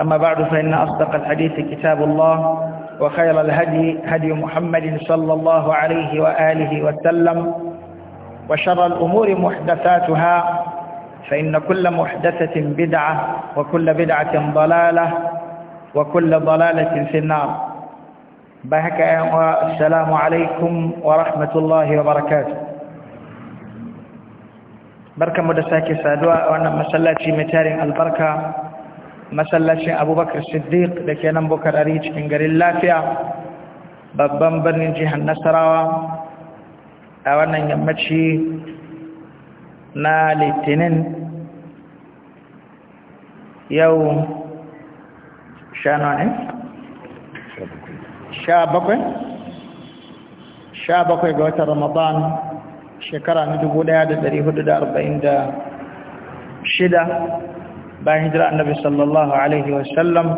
أما بعد فإن أصدق الحديث كتاب الله وخير الهدي هدي محمد صلى الله عليه وآله وسلم وشر الأمور محدثاتها فإن كل محدثة بدعة وكل بدعة ضلالة وكل ضلالة في النار بهك والسلام عليكم ورحمة الله وبركاته بركة مدساكي سادواء وأنا مسلاتي متارين البركة masallacin abubakar siddiq da ke nan ari cikin garin lafiya babban birnin jihar nasarawa a wannan yammaci na litinin yau sha sha bakwai sha bakwai ga watan ramadan shekara na dubu da da arba'in shida. bayan hijira annabi sallallahu alaihi wasallam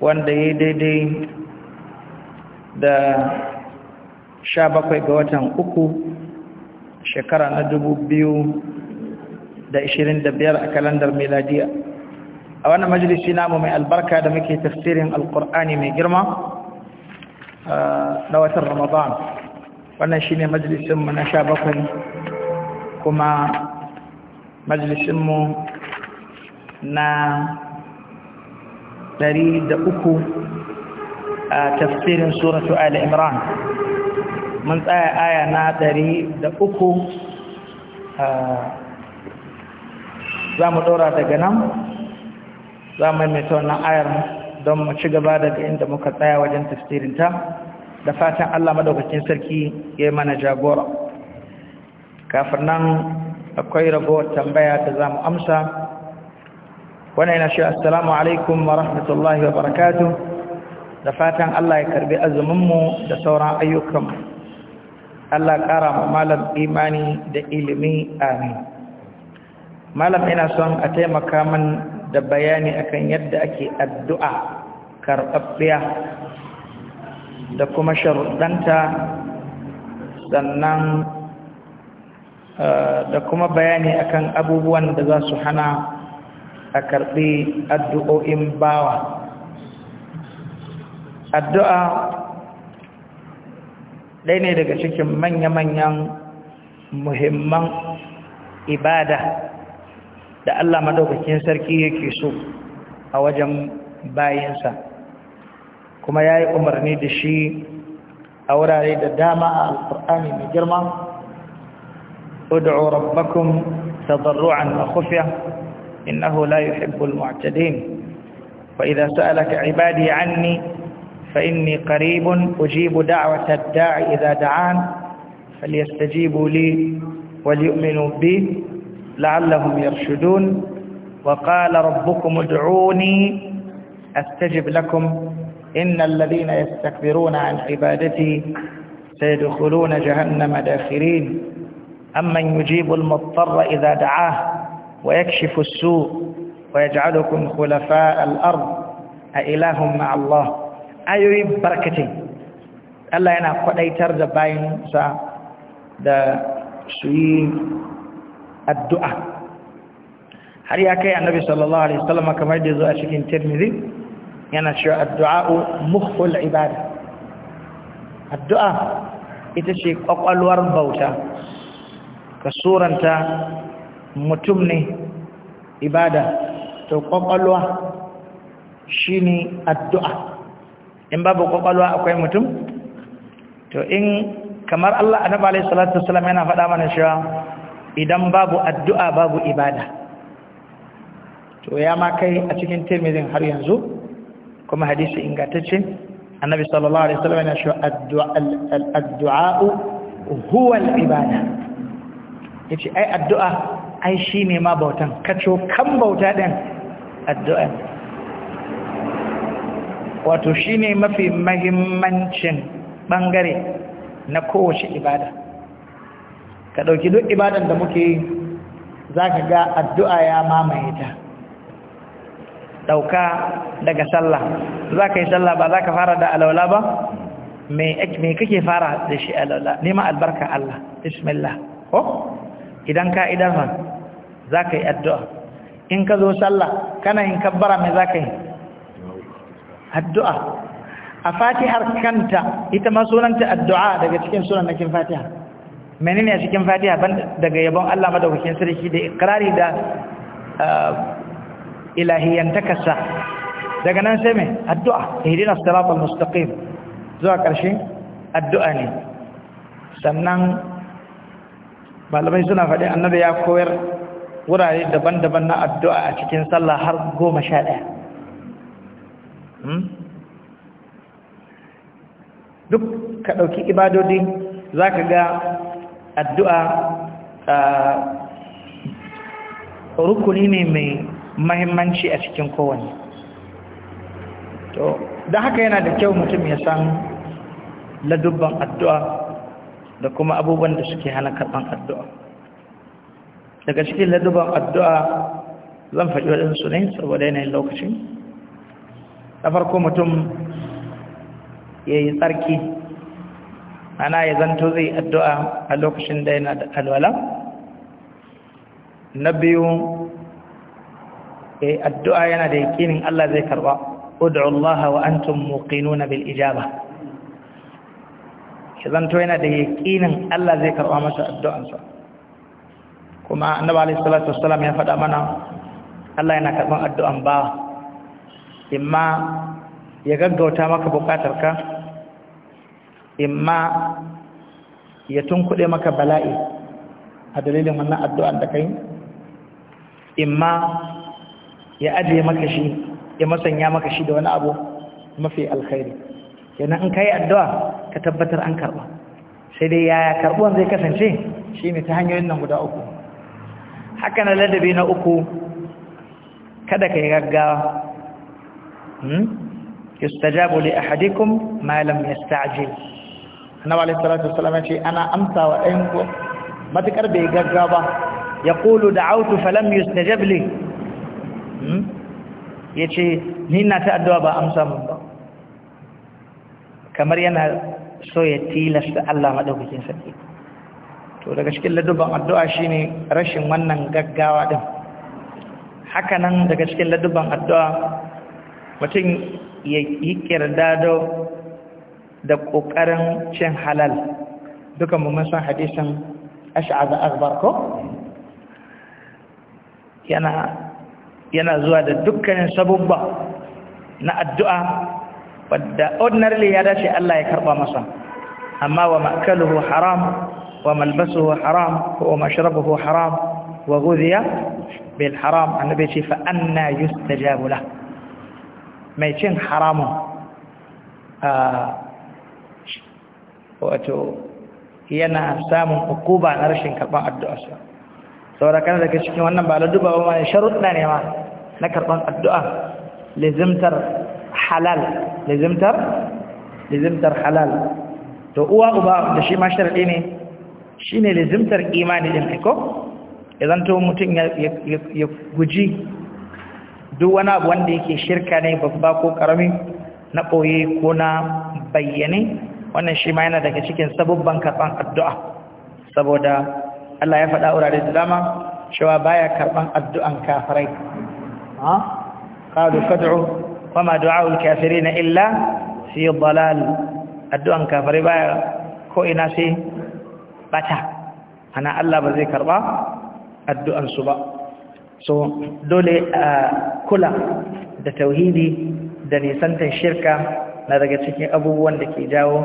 wanda ya daidai da sha bakwai ga watan uku shekara na dubu biyu da ishirin da biyar a kalandar meladiya a wannan majalisi namu mai albarka da muke tafsirin alkur'ani mai girma na watan ramadan wannan shi ne majalisinmu na sha bakwai kuma majalisinmu na ɗari da uku a tafsirin suratu ala imran mun tsaya aya na ɗari da uku za mu ɗora daga nan za mu maimaita wannan ayar don mu ci gaba daga inda muka tsaya wajen tafsirinta da fatan Allah maɗaukacin sarki ya yi mana jagora kafin nan akwai ragowar tambaya da za mu amsa wannan yana shi assalamu alaikum wa rahmatullahi wa barakatuh da fatan Allah ya karbi azuminmu da sauran ayyukanmu Allah ƙara wa malam imani da ilimi amin malam ina son a taimaka min da bayani akan yadda ake addu'a karɓaɓɓiya da kuma sharuɗanta sannan eh, da kuma bayani akan abubuwan da za su hana a karɓi addu'o'in bawa addu'a ɗaya ne daga cikin manya-manyan muhimman ibada da Allah maɗaukakin sarki yake so a wajen bayansa kuma ya yi umarni da shi a wurare da dama a alƙur'ani mai girma udu'u rabbakum tadarru'an na kufiya. إنه لا يحب المعتدين وإذا سألك عبادي عني فإني قريب أجيب دعوة الداعي إذا دعان فليستجيبوا لي وليؤمنوا بي لعلهم يرشدون وقال ربكم ادعوني أستجب لكم إن الذين يستكبرون عن عبادتي سيدخلون جهنم داخرين أمن يجيب المضطر إذا دعاه ويكشف السوء ويجعلكم خلفاء الأرض أإله مع الله أي أيوة بركة الله ينا قديتر دا باين سا دا سوي الدعاء هل يكي النبي صلى الله عليه وسلم كما يجزو أشكين ترمذي ينا شو الدعاء مخ العبادة الدعاء إتشي أقوى الورم بوتا كسورة mutum ne ibada to shi ne addu'a in babu kokolwa akwai mutum to in kamar Allah annabi alayhi salatu wasallam yana faɗa mana cewa idan babu addu'a babu ibada to ya ma kai a cikin temizin har yanzu kuma hadisi ingantacce annabi sallallahu alaihi wasallam yana cewa addu'a huwa al-ibada yace ai addu'a ai shi ne ma bautan kaco kan bauta ɗin addu'a wato shi ne mafi mahimmancin ɓangare na kowace ibada ka ɗauki duk ibadan da muke yi za ka ga addu'a ya mamaye ta ɗauka daga sallah za ka yi sallah ba za ka fara da alaula ba mai kake fara da shi alaula nema albarka Allah bismillah ko idan ka ha za ka yi addu'a in ka zo sallah kana yin kabbara mai za ka yi addu'a a fatihar kanta ita ma sunanta addu'a daga cikin sunan nakin fatiha menene a cikin fatiha ban daga yabon Allah madaukakin sarki da ikirari da eh, ilahiyantakasa daga nan sai mai addu'a ihdina siratal mustaqim zuwa ƙarshen addu'a ne sannan malamai suna faɗi annabi ya koyar wurare daban-daban na addu'a a cikin sallah har goma sha ɗaya hmm? duk ka ɗauki ibadodi za ka ga addu'a rukuni ne mai mahimmanci a cikin kowane to haka yana da kyau mutum ya san ladubban addu'a da kuma abubuwan da suke hana karɓan addu'a daga cikin laduban addu'a zan faɗi waɗansu ne saboda yanayin lokacin da farko mutum ya yi tsarki ana ya zanto zai addu'a a lokacin da yana da alwala na biyu addu'a yana da yakinin Allah zai karɓa ƙudu'ullaha wa antum na bil ijaba ya zanto yana da yaƙinin Allah zai karɓa masa addu'ansa kuma annabi alaihi salatu wassalam ya faɗa mana Allah yana karɓan addu'an in imma ya gaggauta maka buƙatarka imma ya tunkuɗe maka bala'i a dalilin wannan addu'an da kai imma ya ajiye maka shi ya masanya maka shi da wani abu mafi alkhairi kenan in ka yi addu'a ka tabbatar an karba sai dai yaya karbuwan zai kasance shi ne ta hanyoyin nan guda uku haka na ladabi na uku kada ka yi gaggawa hmm? yustajabu li ahadikum ma lam yasta'jil annabi alayhi salatu wassalam ya ce ana amsa wa ɗayan ku matukar bai gaggawa ba. yaqulu da'awtu falam yustajab li hmm? yace ni na ta addu'a ba amsa mun ba kamar yana so ya tilasta Allah maɗaukakin sarki to daga cikin ladubban addu'a shi ne rashin wannan gaggawa ɗin hakanan daga cikin ladubban addu'a mutum ya yi kirdado da ƙoƙarin cin halal dukan mu mun san hadisin ash'az akbar ko yana yana zuwa da dukkanin sabubba na addu'a wadda ordinarily ya dace Allah ya karba masa amma wa makaluhu haram wa malbasuhu haram wa mashrabuhu haram wa ghudhiya bil haram annabi ce fa anna yustajabu lah mai cin haramun a wato yana samun hukuba na rashin karban addu'arsa saboda kana daga cikin wannan ba la duba ba sharuɗa ne ma na karban addu'a lazimtar halal lizimtar lizimtar halal to uwa uba da shi ma sharadi ne shine lizimtar imani din ko idan to mutum ya guji duk wani abu wanda yake shirka ne babba ko karami na ɓoye ko na bayyane wannan shi ma yana daga cikin sabubban karban addu'a saboda Allah ya faɗa wurare da dama cewa baya karban addu'an kafirai ha qadu fad'u du'a kafiri kafirin illa fi dalal addu'an kafir baya ko ina shi bata ana Allah ba zai karba addu'an su ba so dole kula da tauhidi da nisantar shirka na daga cikin abubuwan da ke jawo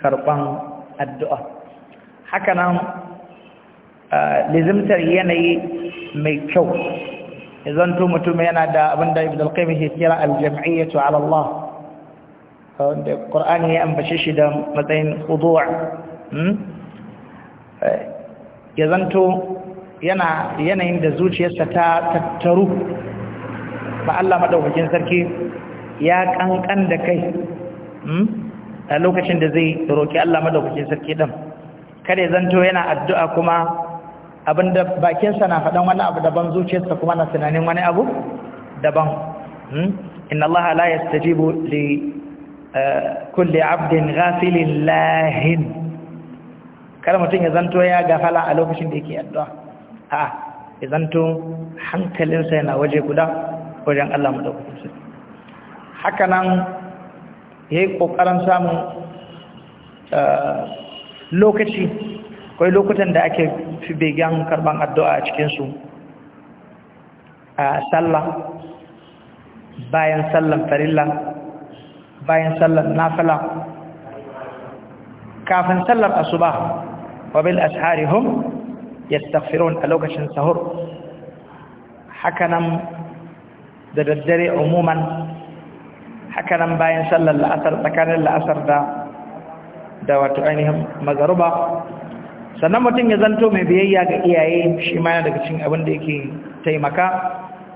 karban addu'a haka nan lizimtar yanayi mai kyau idan to mutum yana da abin da ibn al-qayyim yake kira al jamiyyah ala Allah wanda Qur'ani ya ambace shi da matsayin khudu' hmm? ya zanto yana yanayin da zuciyarsa ta tattaru ba Allah madaukakin sarki ya kankan da kai hmm? a lokacin da zai roki Allah madaukakin sarki din kada zanto yana addu'a kuma abinda bakinsa na faɗan wani abu daban zuciyarsa kuma na tunanin wani abu daban hmm? inna Allah la yastajibu li eh, kulli abdin ghafilin lahin kar mutum ya zanto ya gafala a lokacin da yake addu'a a ya zanto hankalinsa yana waje guda wajen Allah mu dauke shi haka nan yayi kokarin samun eh, lokaci akwai lokutan da ake fi begen karban addu'a a cikinsu a sallah bayan sallan farilla bayan sallan nafila kafin sallar asuba wa bil asharihum yastaghfirun a lokacin sahur hakanan da daddare umuman hakanan bayan sallar la'asar tsakanin la'asar da da wato ainihin magaruba sannan mutum ya zanto mai biyayya ga iyaye shi ma yana daga cikin abin da yake taimaka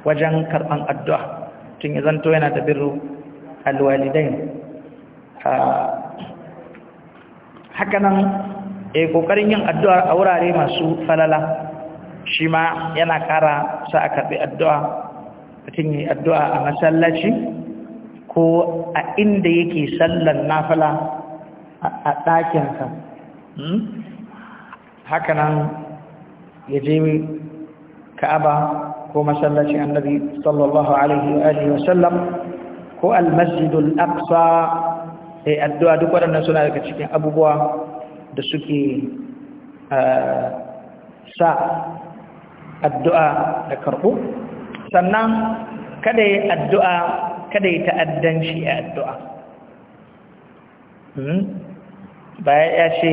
wajen karɓan addu'a mutum ya zanto yana da birru alwalidai. Ah, haka nan ya eh, kokarin yin addu'a a wurare masu falala shi ma yana kara sa a karɓi addu'a mutum yi addu'a a masallaci ko a inda yake sallan nafala a ɗakinsa hmm? hakanan ya je ka'aba ko masallacin annabi sallallahu alaihi wa alihi wa sallam ko almasjidul aqsa sai eh, addu'a duk waɗannan suna daga cikin abubuwa da suke eh, sa addu'a da karɓu sannan kada yi addu'a kada yi ta'addanci a addu'a hmm? ba ya ce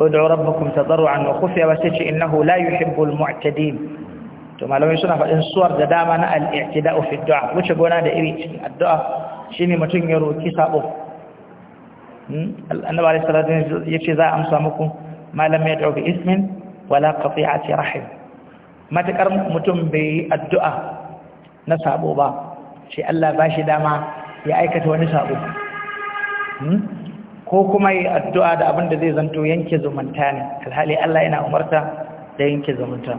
ud'u rabbakum tadarruan wa khufiya wa tace innahu la yuhibbul mu'tadin to malamai suna fadin suwar da dama na al-i'tida'u fi du'a wuce gona da iri cikin addu'a shine mutum ya roki sabo hmm? annabi alayhi salatu yace za a amsa muku malam ya dauki ismin wala qati'ati rahim matakar mutum bai addu'a na sabo ba shi Allah ba shi dama ya aikata wani sabo hmm? ko kuma yi addu'a da abin da zai zanto yanke zumunta ne alhali Allah yana umarta da yanke zumunta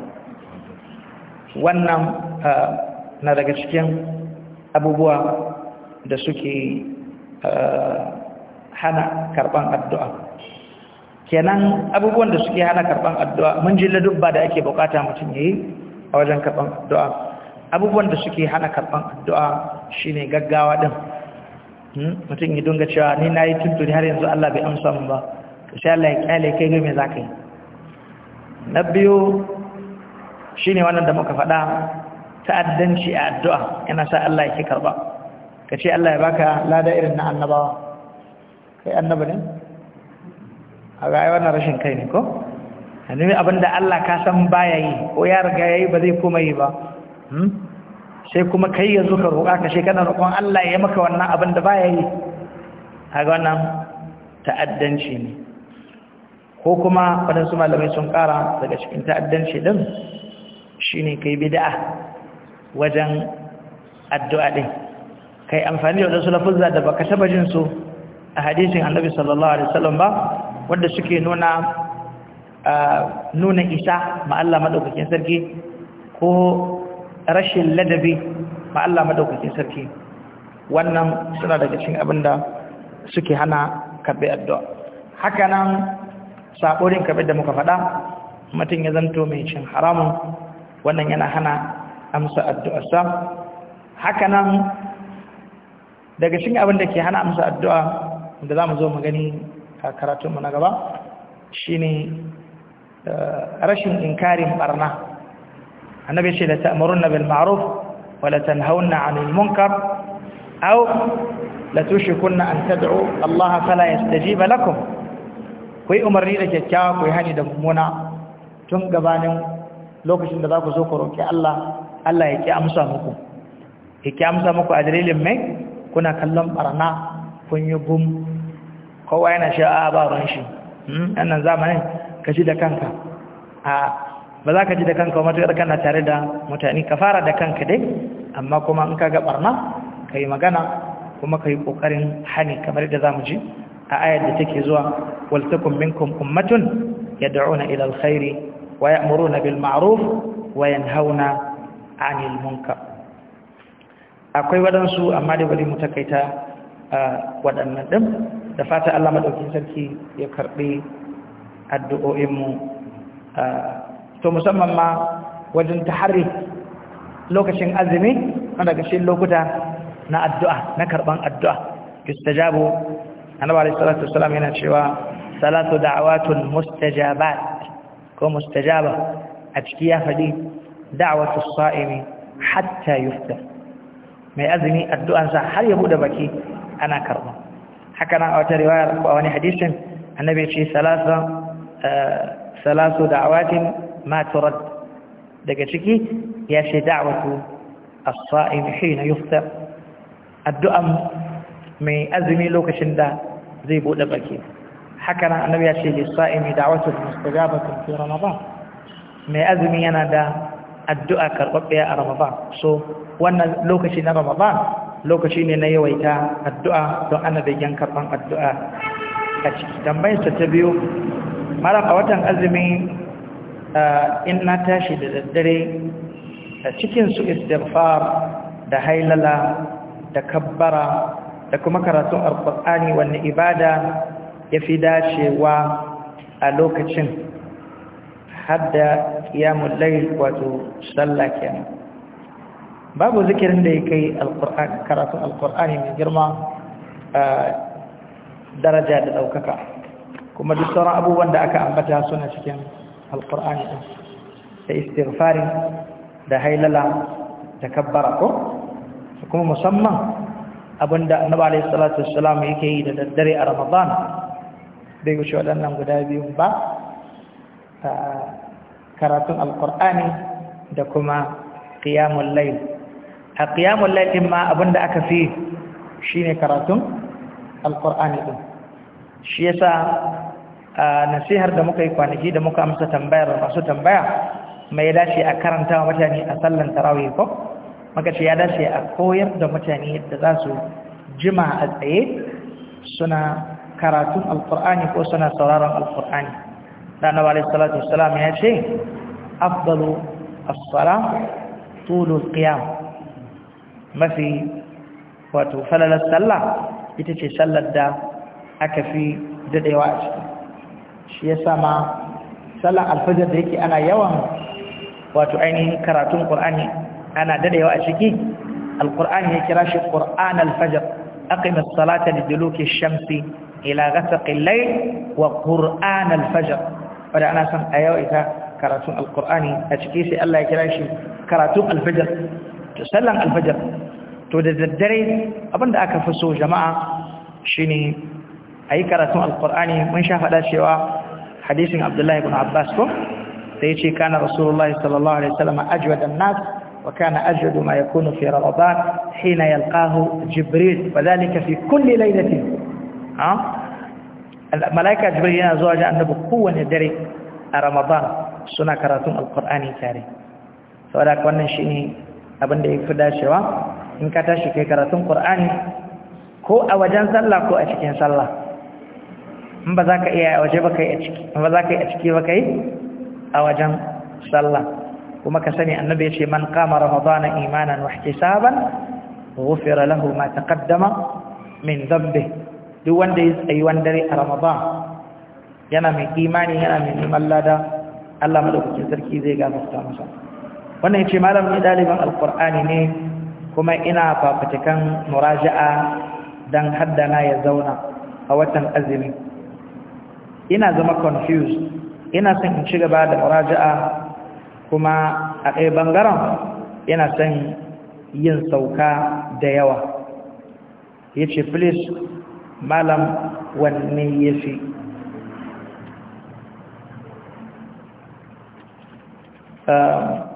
wannan eh, na daga cikin abubuwa da suke eh, hana karban addu'a kenan abubuwan da suke hana karban addu'a mun ji ladubba da ake bukata mutum ya yi a wajen karban addu'a abubuwan da suke hana karban addu'a shine gaggawa din Hmm? mutum ya dunga cewa ni na yi tuntuni har yanzu Allah bai amsa mu ba insha Allah ya kyale kai ga me zaka yi na biyu shine wannan da muka faɗa ta'addanci a addu'a yana sa Allah ya karɓa. karba ce Allah ya baka lada irin na annabawa kai annaba ne a ga wannan rashin kai ne ko annabi abinda Allah ka san baya yi ko ya riga yayi ba zai koma yi ba hmm? sai kuma kai yanzu ka roƙa ka shekana roƙon Allah ya maka wannan abin da baya yi haga wannan ta'addanci ne ko kuma waɗansu malamai sun ƙara daga cikin ta'addanci ɗin shi ne kai bida'a wajen addu'a ɗin kai amfani da waɗansu lafuzza da baka taba jin su a hadisin annabi sallallahu alaihi wasallam ba wanda suke nuna ah, nuna isa ma Allah madaukakin sarki ko rashin ladabi ma Allah madaukake sarki wannan suna daga cikin abinda suke hana kabe addu'a haka nan saborin kabe da muka faɗa mutum ya zanto mai cin haramun wannan yana hana amsa addu'arsa haka nan daga cikin abinda ke hana amsa addu'a da za mu zo mu gani a karatunmu na gaba shine eh, rashin inkarin barna annabi ce la ta'muruna bil ma'ruf wa la tanhauna 'anil munkar aw la tushrikunna an tad'u Allah fala yastajiba lakum ku umarni da kyakkyawa ku hani da mummuna tun gabanin lokacin da za ku zo ku roƙi Allah Allah ya ki amsa muku ya ki amsa muku a dalilin mai kuna kallon barna kun yi gum kowa yana sha'a ba ruwan shi hmm? nan zamanin ka ji da kanka a ba za ka ji da kanka matuƙar kana tare da mutane ka fara da kanka dai amma kuma in ka ga barna ka yi magana kuma ka yi ƙoƙarin hani kamar da za mu ji a ayar da take zuwa waltakun minkum ummatun ya da'una na alkhairi wa ya'muruna bil ma'ruf wa hauna 'anil munkar akwai waɗansu amma dai bari mu takaita waɗannan ɗin da fata Allah madaukakin sarki ya karɓi addu'o'inmu to musamman ma wajen taharri lokacin azumi wanda ga lokuta na addu'a na karban addu'a yustajabu annabi alayhi salatu wassalam yana cewa salatu da'awatun mustajabat ko mustajaba a ciki ya faɗi da'awatu sa'imi hatta yuftar mai azumi addu'ansa har ya bude baki ana karba haka nan a wata riwaya ko a wani hadisin annabi ce salasu eh, salasu da'awatin ma daga ciki ya ce da'watu as-sa'im hina yuftar addu'an mai azumi lokacin da zai bude baki haka nan annabi ya ce lis-sa'imi da'watu mustajabatu fi ramadan mai azumi yana da addu'a karɓaɓɓiya a ramadan so wannan lokaci na ramadan lokaci ne na yawaita addu'a don ana begen karɓan addu'a a ciki tambayinsa ta biyu mara a watan azumi in na tashi da daddare cikin su istighfar da hailala da kabbara da kuma karatun alqur'ani wanne ibada yafi dacewa a lokacin hadda qiyamul layl wato sallah kenan babu zikirin da ya kai karatun alkur'ani mai girma daraja da daukaka kuma duk sauran abubuwan da aka ambata suna cikin alqur'ani da istighfarin da hailala da kabbara ko kuma musamman abinda annabi alayhi salatu wassalam yake yi da daddare a ramadan bai wuce waɗannan guda biyun ba karatun alqur'ani da kuma qiyamul layl a qiyamul layl ma da aka fi shine karatun alqur'ani ɗin shi yasa A nasihar da muka yi kwanaki da muka amsa tambayar masu tambaya mai dace a karanta wa mutane a sallan tarawih ko muka ce ya dace a koyar da mutane yadda za su jima a tsaye suna karatun alkur'ani ko suna sauraron alkur'ani dan nabi salatu wassalam ya ce afdalu as-salam tulu qiyam mafi wato falalar sallah ita ce sallar da aka fi dadewa a cikin shi ya sama sallar alfajar da yake ana yawan wato ainihin karatun ƙur'ani ana yawa a ciki alƙur'ani ya kira shi ƙur'an alfajar aqimis salata li duluki shamsi ila ghasaqi al-layl wa qur'an alfajar wanda ana son a yawaita ita karatun alƙur'ani a ciki sai Allah ya kira shi karatun alfajar to sallan alfajar to da daddare abinda aka fi so jama'a shine a yi karatun alkur'ani mun sha faɗa cewa hadisin abdullahi ibn abbas ko da ce kana rasulullahi sallallahu alaihi wasallam ajwada nas wa kana ajwadu ma yakunu fi ramadan hina yalqahu jibril wa fi kulli laylatin ha malaika jibril yana zuwa ga annabi kowanne dare a ramadan suna karatun alkur'ani tare saboda wannan shine abinda da yafi dacewa in ka tashi kai karatun qur'ani ko a wajen sallah ko a cikin sallah in ba za ka iya waje ba kai a ciki in ba za ka yi a ciki ba kai a wajen sallah kuma ka sani annabi ya ce man qama ramadana imanan wa ghufira lahu ma taqaddama min dhanbi duk wanda ya tsayi dare a ramadan yana mai imani yana mai neman lada Allah madaukakin sarki zai gafarta masa wannan yace malamin ɗaliban alqur'ani ne kuma ina fafatikan muraja'a dan haddana ya zauna a watan azumi ina zama confused ina son in ci gaba da muraja'a kuma a ɗaya bangaren ina son yin sauka da yawa ya please malam wanne ya fi um,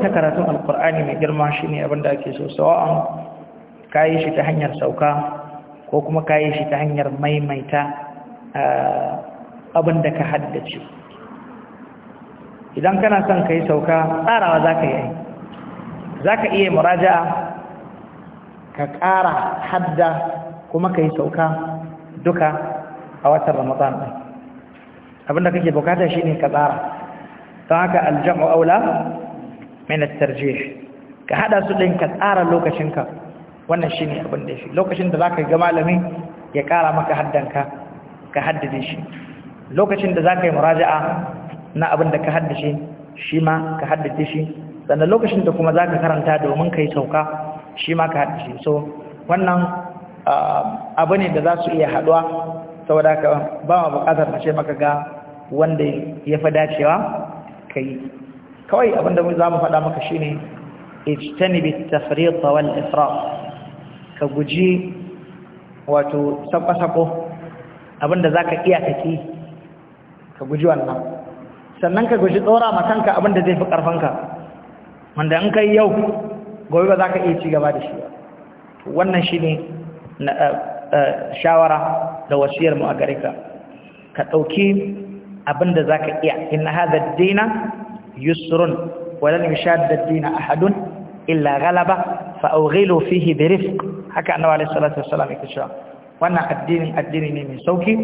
ta karatun alkur'ani mai girma shi ne abinda ake so sawa'an kayi shi ta hanyar sauka ko kuma ka yi shi ta hanyar maimaita eh, abin da ka haddace idan kana son ka yi sauka tsarawa za ka yi za ka iya muraja, ka ƙara hadda kuma ka yi sauka duka a watan ramadan ɗin abinda kake bukata shi ne ka tsara don haka aljam'u aula mai na tarjih ka hada su ɗin ka tsara lokacinka wannan shine abin da shi lokacin da zaka ga malami ya kara maka haddanka ka haddace shi lokacin da zaka yi muraja'a na abin da ka haddace shi ma ka haddace shi sannan lokacin da kuma zaka karanta domin kai sauka shi ma ka haddace so wannan abu ne da za su iya haduwa saboda ka ba ma bukatar ce maka ga wanda ya fi dacewa kai kawai abin abinda za mu faɗa maka shine اجتنب التفريط والإفراط ka guji wato sako-sako abinda za ka iya kaki ka guji wannan sannan ka guji tsora makanka abinda zai fi ƙarfanka wanda in ka yi yau gobe ba za ka iya gaba da shi wannan shi ne eh, eh, shawara da wasiyar mu a gare ka ka ɗauki abinda za ka iya inna hada dina yusrun sha yushadda dina ahadun illa galaba fa fihi bi rifq haka annabi alaihi salatu wassalam yake cewa wannan addinin addini ne mai sauki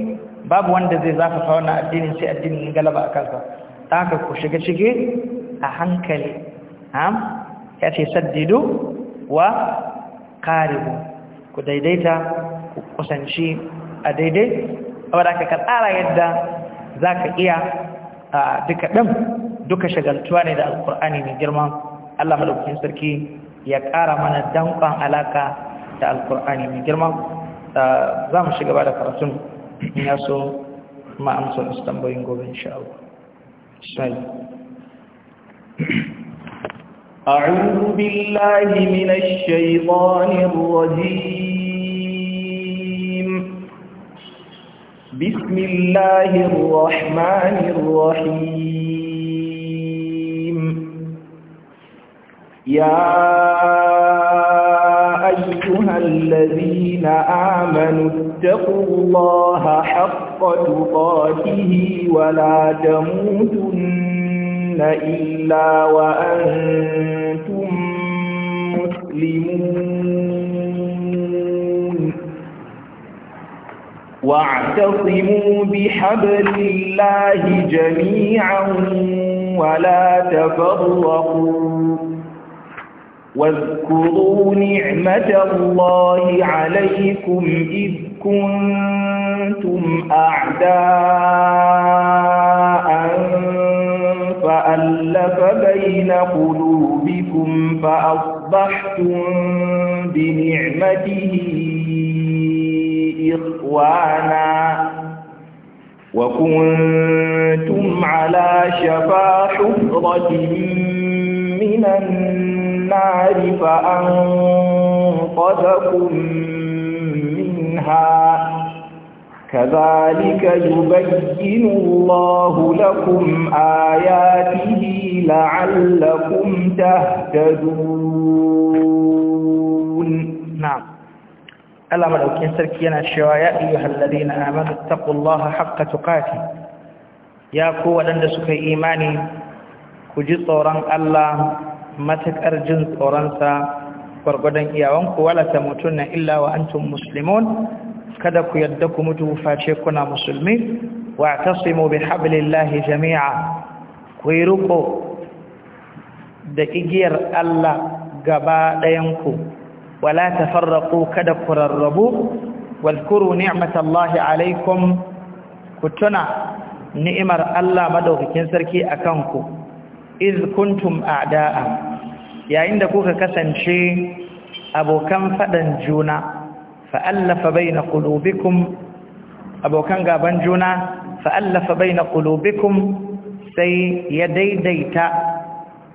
babu wanda zai zaka fa wannan addinin sai addinin galaba a kansa ta haka ku shiga ciki a hankali ya ce saddidu wa qaribu ku daidaita ku kusanci a daidai wadda aka ka tsara yadda zaka iya duka ɗin duka shagaltuwa ne da alqur'ani mai girma allah madaukakin sarki ya ƙara mana danƙon alaƙa da alkur'ani mai girma za mu shiga ba da karatun ya so ma'amsa wasu tambayin gobe insha'allah أعوذ بالله من الشيطان الرجيم بسم الله الرحمن الرحيم يا أيها الذين آمنوا اتقوا الله حق تقاته ولا تموتن إلا وأنتم مسلمون واعتصموا بحبل الله جميعا ولا تفرقوا واذكروا نعمة الله عليكم إذ كنتم أعداء فألف بين قلوبكم فأصبحتم بنعمته إخوانا وكنتم على شفا حفرة من النار فأنقذكم منها كذلك يبين الله لكم آياته لعلكم تهتدون نعم ألا ملوكين سركينا يا أيها الذين آمنوا اتقوا الله حق تقاته يا قوة لن تسكي إيماني ku ji tsoron Allah matuƙar jin tsoronsa gwargwadon iyawanku wala ta mutum na illa wa antum muslimun kada ku yadda ku mutu face kuna musulmi wa tasimu bi hablillahi jami'a ku yi riko da igiyar Allah gaba ɗayanku wala tafarraqu kada ku rarrabu walkuru ni'matallahi alaikum ku tuna ni'imar Allah madaukakin sarki a kanku. iz kuntum a'da'a yayin da kuka kasance abokan fadan juna fa'allafa baina qulubikum abokan gaban juna fa'allafa baina qulubikum sai ya daidaita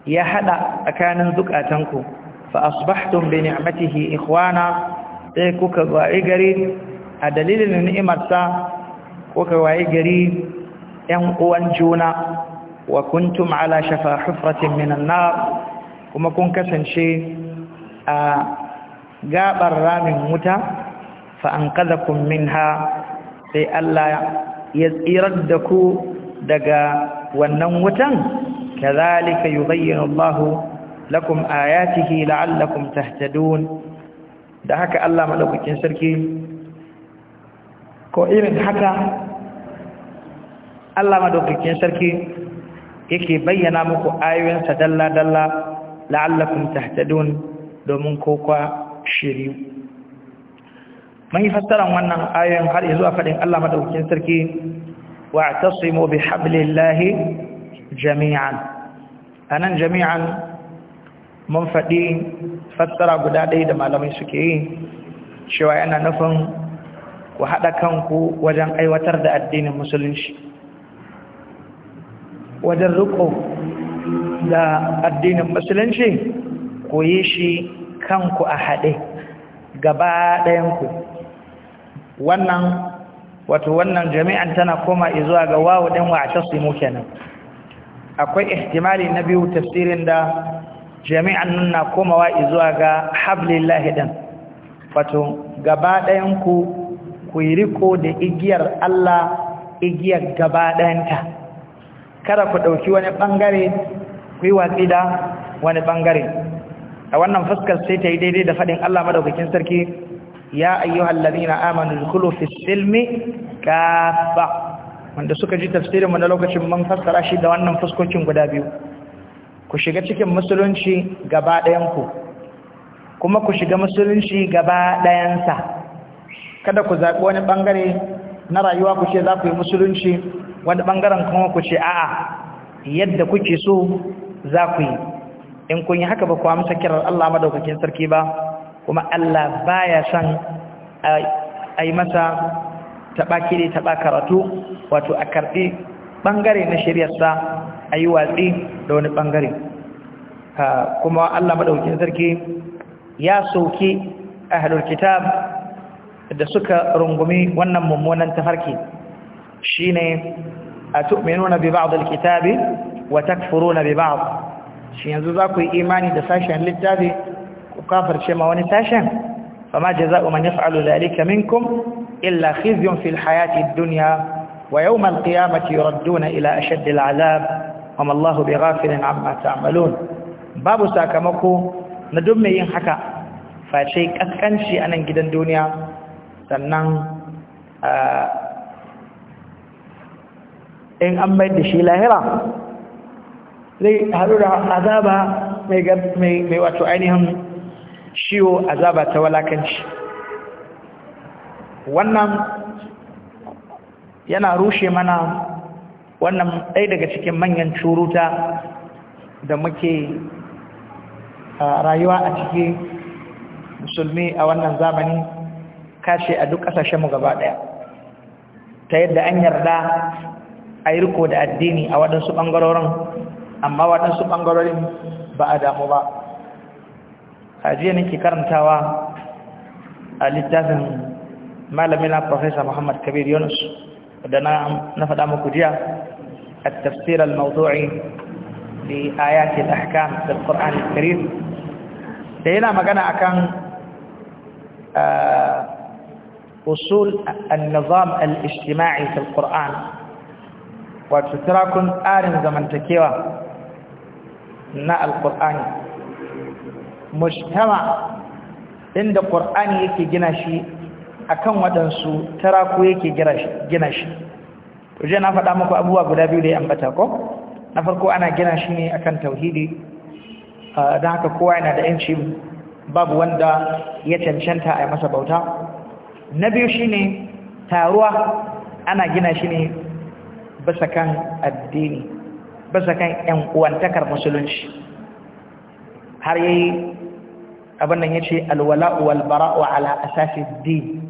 ya hada tsakanin zukatanku fa asbahtum bi ni'matihi ikhwana sai kuka wayi gari a dalilin ni'imarsa kuka wayi gari yan uwan juna wa kuntum ala shafa hufratin minan nar kuma kun kasance a gabar ramin wuta fa anqadhakum minha sai Allah ya tsirar da ku daga wannan wutan kazalika yubayyinu Allah lakum ayatihi la'allakum tahtadun da haka Allah madaukakin sarki ko irin haka Allah madaukakin sarki yake bayyana muku ayoyinsa dalla-dalla la'allakum tahtadun domin kokwa shiriyu mai fassaran wannan ayoyin har zuwa faɗin Allah Maɗa'ukin sarki wa tasimu bi hablillahi jami'an nan jami'an mun faɗi fassara guda ɗaya da malamai suke yi cewa yana nufin ku haɗa kanku wajen aiwatar da addinin musulunci wajen riko da addinin musulunci yi shi kanku a haɗe gaba ɗayanku wannan wato wannan jami'an tana koma izuwa ga wawo ɗin wa a tasimu kenan akwai ihtimali na biyu tafsirin da jami'an nan na komawa izuwa ga hablillahi ɗin wato gaba ɗayanku ku yi riko da igiyar Allah igiyar gaba ɗayanta kada ku ɗauki wani ɓangare ku yi watsi da wani ɓangare a wannan fuskar sai ta yi daidai da faɗin Allah madaukakin sarki ya ayyuhal ladina amanu dukulu fi silmi kafa wanda suka ji tafsirin mu na lokacin mun fassara shi da wannan fuskokin guda biyu ku shiga cikin musulunci gaba ɗayan ku kuma ku shiga musulunci gaba ɗayansa kada ku zaɓi wani ɓangare na rayuwa ku ce za ku yi musulunci wani bangaren kuma ku ce a'a yadda kuke so za ku yi in kun yi haka ba ku amsa kirar Allah madaukakin sarki ba kuma Allah baya son a yi masa taɓa kiri taɓa karatu wato a karɓi ɓangare na shiryarsa a yi watsi da wani ɓangare kuma Allah madaukakin sarki ya sauke ahlul kitab da suka rungumi wannan mummunan tafarki شيني اتؤمنون ببعض الكتاب وتكفرون ببعض شين زوكو ايماني ده للتابي وكافر شي ماوني فما جزاء من يفعل ذلك منكم الا خزي في الحياة الدنيا ويوم القيامة يردون الى اشد العذاب وما الله بغافل عما تعملون باب ساكمكو ندمي ينحكا فشيء اتكنشي انا جدا دنيا سنن آه، in an mai da shi lahira zai haɗu da azaba mai wato ainihin shiwo azaba ta walakanci wannan yana rushe mana wannan ɗaya daga cikin manyan curuta da muke rayuwa a ciki musulmi a wannan zamani kashe a duk ƙasashenmu gaba ɗaya ta yadda an yarda a yi riko da addini a waɗansu ɓangarorin amma waɗansu ɓangarorin ba a damu ba a jiya nake karantawa a littafin malamina profesa muhammad kabir yunus da na faɗa muku jiya a tafsirar al-mawdu'i li ayatil ahkam da qur'an da yana magana akan ah, usul an-nizam al-ijtima'i fil wato tarakun tsarin zamantakewa na alkur'ani mujtama inda ƙur'ani yake gina shi akan waɗansu taraku yake gina shi to na faɗa muku abubuwa guda biyu da ya ambata ko na farko ana gina shi ne akan tauhidi don haka kowa yana da yanci babu wanda ya cancanta a masa bauta na biyu shine taruwa ana gina shi ne Basa kan addini bisa kan ƴan uwantakar musulunci har yayi abin nan yace alwala'u wal bara'u ala asasi din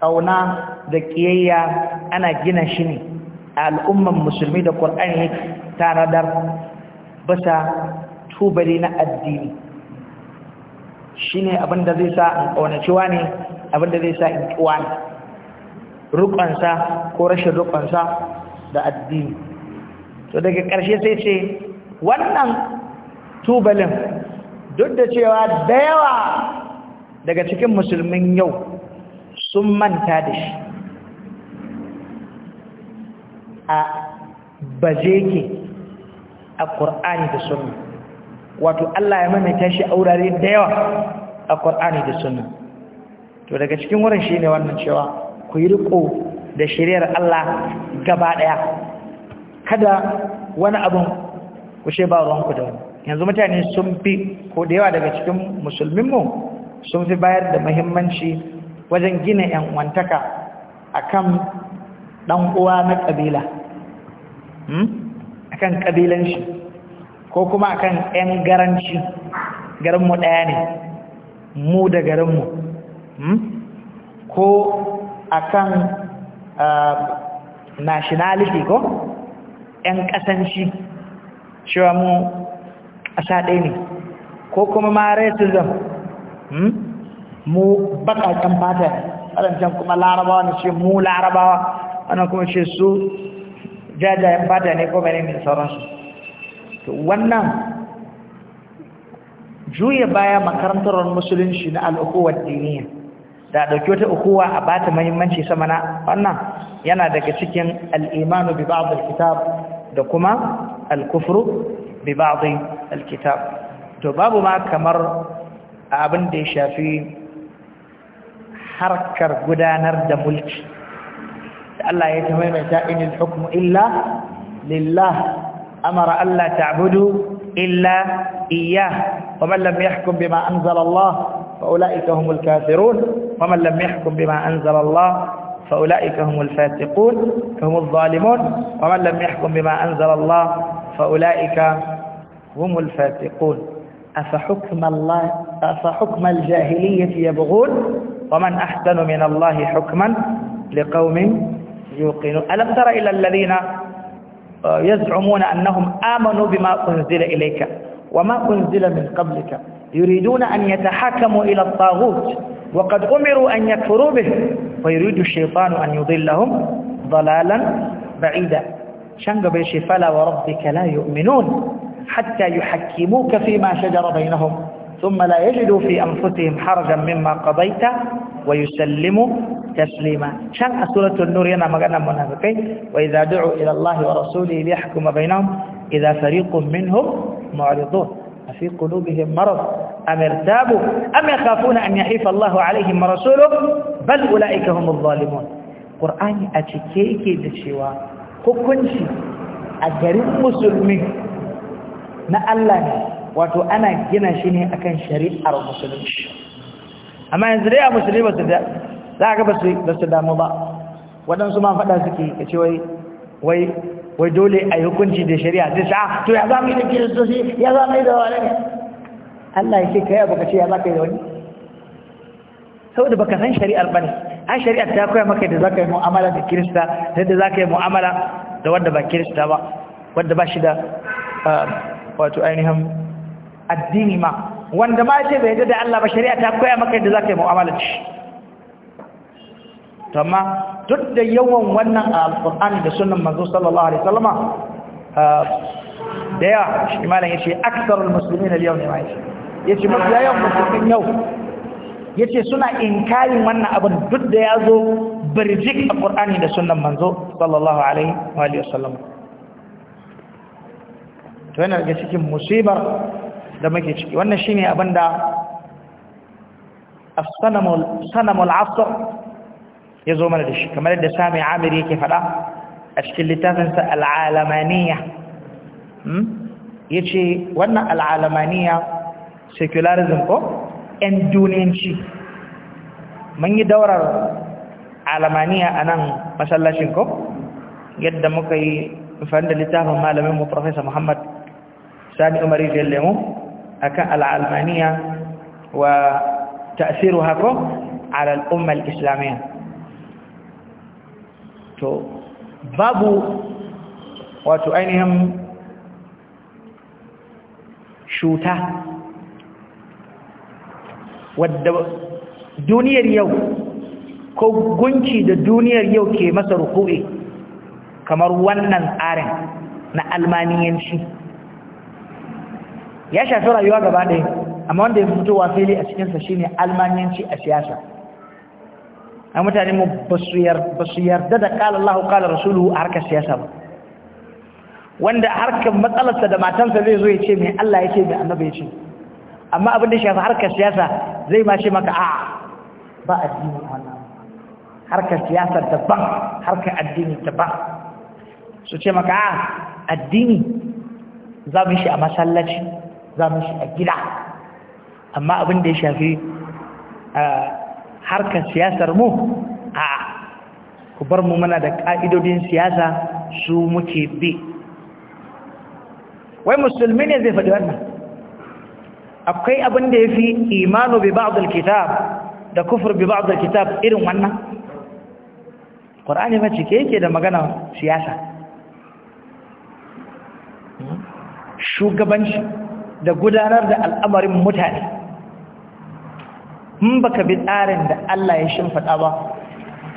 Ƙauna da ƙiyayya ana gina shi ne a al'umman musulmi da Qur'ani tanadar basa tubali na addini ne abin da zai sa in kaunaci wani abin da zai sa in kiwa rukunsa ko rashin rukunsa da addini to daga ƙarshe sai ce wannan tubalin duk da cewa da yawa daga cikin musulmin yau sun manta da shi a ke a ƙur'ani da sunan wato Allah ya maimaita shi a wurare da yawa a ƙur'ani da sunna to daga cikin wurin shi ne wannan cewa ku yi riko da shiriyar Allah gaba ɗaya kada wani abin ku ce ba ruwanku da wani yanzu mutane sun fi ko da yawa daga cikin musulminmu sun fi bayar da muhimmanci wajen gina ‘yan wantaka a kan uwa na ƙabila hmm? a kan ƙabilanci, ko kuma a kan ‘yan garanci garinmu ɗaya ne mu da garinmu hmm? ko akan ah, nationality ko ‘yan ƙasanci cewa mu ƙasa ɗaya ne ko kuma ma racism hmm? mu baƙaƙen fata ƙarancan kuma larabawa ne ce mu larabawa wannan kuma ce su jajayen fata ne ko mene ne sauransu to wannan juya baya makarantar musulunci na al'ukuwar duniya. da dauke ta ukuwa a bata muhimmanci sama na wannan yana daga cikin al-imanu bi ba'd al-kitab da kuma al kufr bi ba'd al-kitab to babu ma kamar abin da ya shafi harkar gudanar da mulki Allah ya ta maimaita inil hukmu illa lillah amara Allah ta'budu illa iyyah wa man lam yahkum bima anzala Allah فأولئك هم الكافرون ومن لم يحكم بما أنزل الله فأولئك هم الفاسقون هم الظالمون ومن لم يحكم بما أنزل الله فأولئك هم الفاسقون أفحكم الله أفحكم الجاهلية يبغون ومن أحسن من الله حكما لقوم يوقنون ألم تر إلى الذين آه، يزعمون أنهم آمنوا بما أنزل إليك وما أنزل من قبلك يريدون أن يتحاكموا إلى الطاغوت وقد أمروا أن يكفروا به ويريد الشيطان أن يضلهم ضلالا بعيدا شنقب فلا وربك لا يؤمنون حتى يحكموك فيما شجر بينهم ثم لا يجدوا في أنفسهم حرجا مما قضيت ويسلموا تسليما شان سورة النور ينام مغانا منافقين وإذا دعوا إلى الله ورسوله ليحكم بينهم إذا فريق منهم معرضون في قلوبهم مرض أم ارتابوا أم يخافون أن يحيف الله عليهم رسوله بل أولئك هم الظالمون قرآن أتكيكي دشوا ككنشي أجرم مسلمين ما ألنا واتو أنا جنا شيني أكن شريف أرى مسلمين أما ينزل يا مسلمين وتدع لا أكبر سيء بس تدع مضاء ودن سمان فتا سكي كتشوي وي wai dole a yi hukunci da shari'a ta sa ah, to ya za mu yi da kiristoci ya za mu yi da wani Allah ya ce kai abu ka ce ya za ka yi da wani saboda baka san shari'ar ba ne, an shari'ar ta koya maka da za ka yi mu'amala da kirista da yadda za ka yi mu'amala da wanda ba kirista ba wanda ba shi da ah, wato ainihin addini ma wanda ma ce bai yadda da Allah ba shari'a ta koya maka da za ka yi mu'amala da shi amma duk da yawan wannan alqur'ani da sunan manzo sallallahu alaihi wasallama da ya shi malam yace aksarul muslimin al-yawm ma yace yace mafiya yawan musulmin yau yace suna inkarin wannan abin duk da ya zo barjik a qur'ani da sunan manzo sallallahu alaihi wa alihi wasallama to yana daga cikin musibar da muke ciki wannan shine abinda as-sanamul sanamul asr ya zo mana da shi kamar yadda sami amir yake faɗa a cikin littafinsa al'alamaniya hmm? ya ce wannan al'alamaniya secularism ko 'yan duniyanci mun yi daurar alamaniya a nan masallacin ko yadda muka yi amfani da littafin malamin mu Profesa Muhammad Sami Umar Rijiyar Lemu a kan al'almaniya wa ta'asiru hako al'ummar islamiyya to babu wato ainihin shuta wadda duniyar yau ko gunci da duniyar yau ke masa ruku'i kamar wannan tsarin na almaniyanci ya shafi rayuwa gaba ɗaya amma wanda ya fitowa fili a cikinsa shine almaniyanci a siyasa a mutane mu ba su yarda da kala Allah kala rasulu a harkar siyasa ba wanda harkar matsalarsa da matansa zai zo ya ce mai Allah ya ce mai annaba ya ce amma abin da shafi harkar siyasa zai ma ce maka a ba addini wannan harkar siyasa daban harkar addini daban su ce maka a addini za mu shi a masallaci za mu shi a gida amma abin da ya shafi ah, harkar siyasar mu a ku bar mu muna da ƙa'idodin siyasa su muke bi wai musulmi ne zai faɗi wannan akwai abin da ya fi imanu bi ba'adul kitab da kufur bi ba'adul kitab irin wannan ƙwar'ani mace ke yake da magana siyasa hmm? shugabanci da gudanar da al'amarin mutane in ka bi tsarin da Allah ya fada ba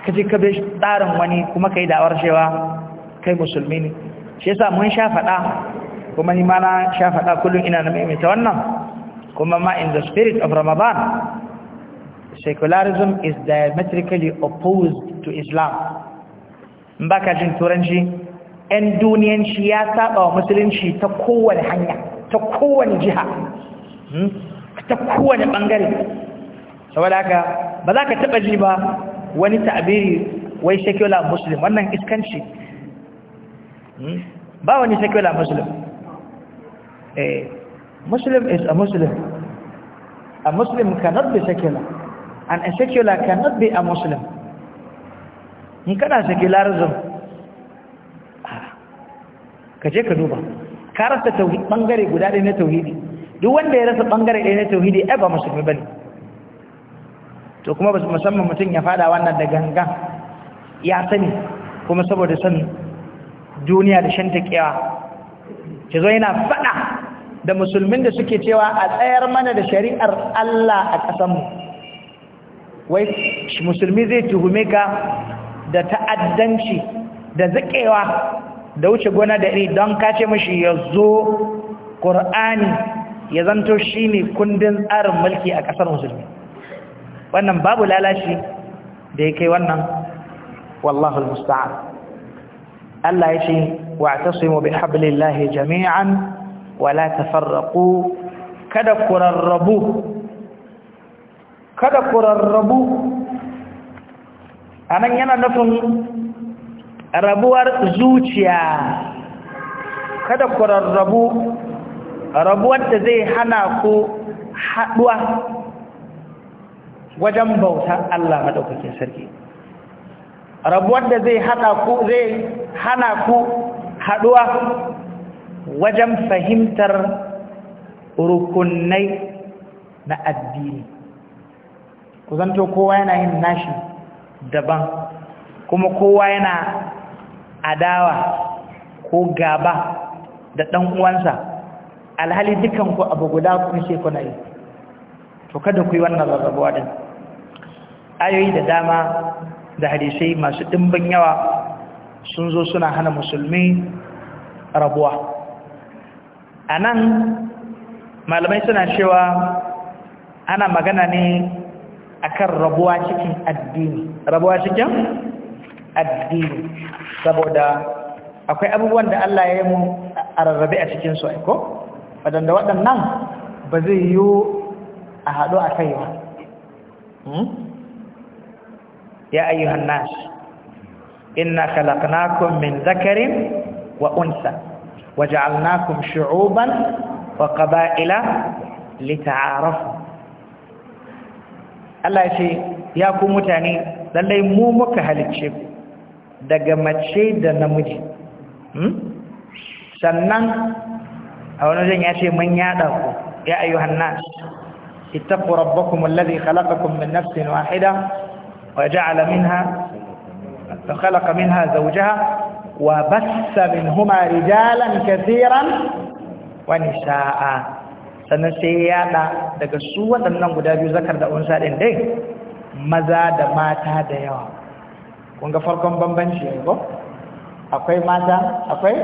ka ce ka bi tsarin wani kuma ka yi da'awar cewa kai musulmi ne shi yasa mun sha faɗa kuma ni ma na sha faɗa kullum ina na maimaita wannan kuma ma in the spirit of Ramadan secularism is diametrically opposed to Islam in baka jin turanci ɗan duniyanci ya saba wa musulunci ta kowane hanya ta kowane jiha hmm, ta kowane ɓangare saboda haka ba za ka taɓa ji ba wani ta'abiri wai shekula musulun. wannan iskanci hmm? ba wani shekula musulun eh muslim is a muslim a muslim cannot be secular and a secular cannot be a muslim in kana secularism ah, ka je ka duba ka rasa bangare guda ɗaya na tauhidi duk wanda ya rasa bangare ɗaya na tauhidi ai ba musulmi bane to kuma musamman mutum ya fada wannan da gangan ya sani kuma saboda son duniya da shan taƙewa ke zo yana fada da musulmin da suke cewa a tsayar mana da shari'ar Allah a ƙasanmu wai musulmi zai tuhume ka da ta'addanci da zaƙewa da wuce gona da iri don kace mashi ya zo ƙur'ani ya zanto shi ne kundin tsarin mulki a ƙasar musulmi wannan babu lalashi da yake wannan wallahu almusta'an Allah ya ce wa'tasimu bihablillahi jami'an wa la tafarraqu kada ku rarrabu kada ku rarrabu anan yana nufin rabuwar zuciya kada ku rarrabu rabuwar da zai hana ku haduwa wajen bauta Allah maɗaukakin sarki rabuwar da zai hana ku haɗuwa wajen fahimtar rukunai na addini ku zanto kowa yana yin nashi daban kuma kowa yana adawa ko gaba da ɗan uwansa alhali dukanku ku abu guda kun ce yi to kada ku yi wannan rarrabuwa din ayoyi da dama da hadisai masu ɗimbin yawa sun zo suna hana musulmi rabuwa a nan malamai suna cewa ana magana ne kan rabuwa cikin addini rabuwa cikin addini saboda akwai abubuwan da Allah ya yi mu a rarrabe a cikin su aiko waɗanda waɗannan ba zai yiwu a haɗu a kai ba hmm? ya ayyuhan nas inna khalaqnakum min dhakarin wa unsa waja'alnakum shu'uban wa qaba'ila lita'arafu Allah ya ce ya ku mutane lallai mu muka halicce daga mace da namiji sannan a wani zan ya ce mun yada ku ya ayyuhan nas ittaqu rabbakum alladhi khalaqakum min nafsin wahida وجعل منها فخلق منها زوجها وبث منهما رجالا كثيرا ونساء sannan sai ya yada daga su waɗannan guda biyu zakar da unsa ɗin dai maza da mata da yawa kun ga farkon bambanci ne akwai mata akwai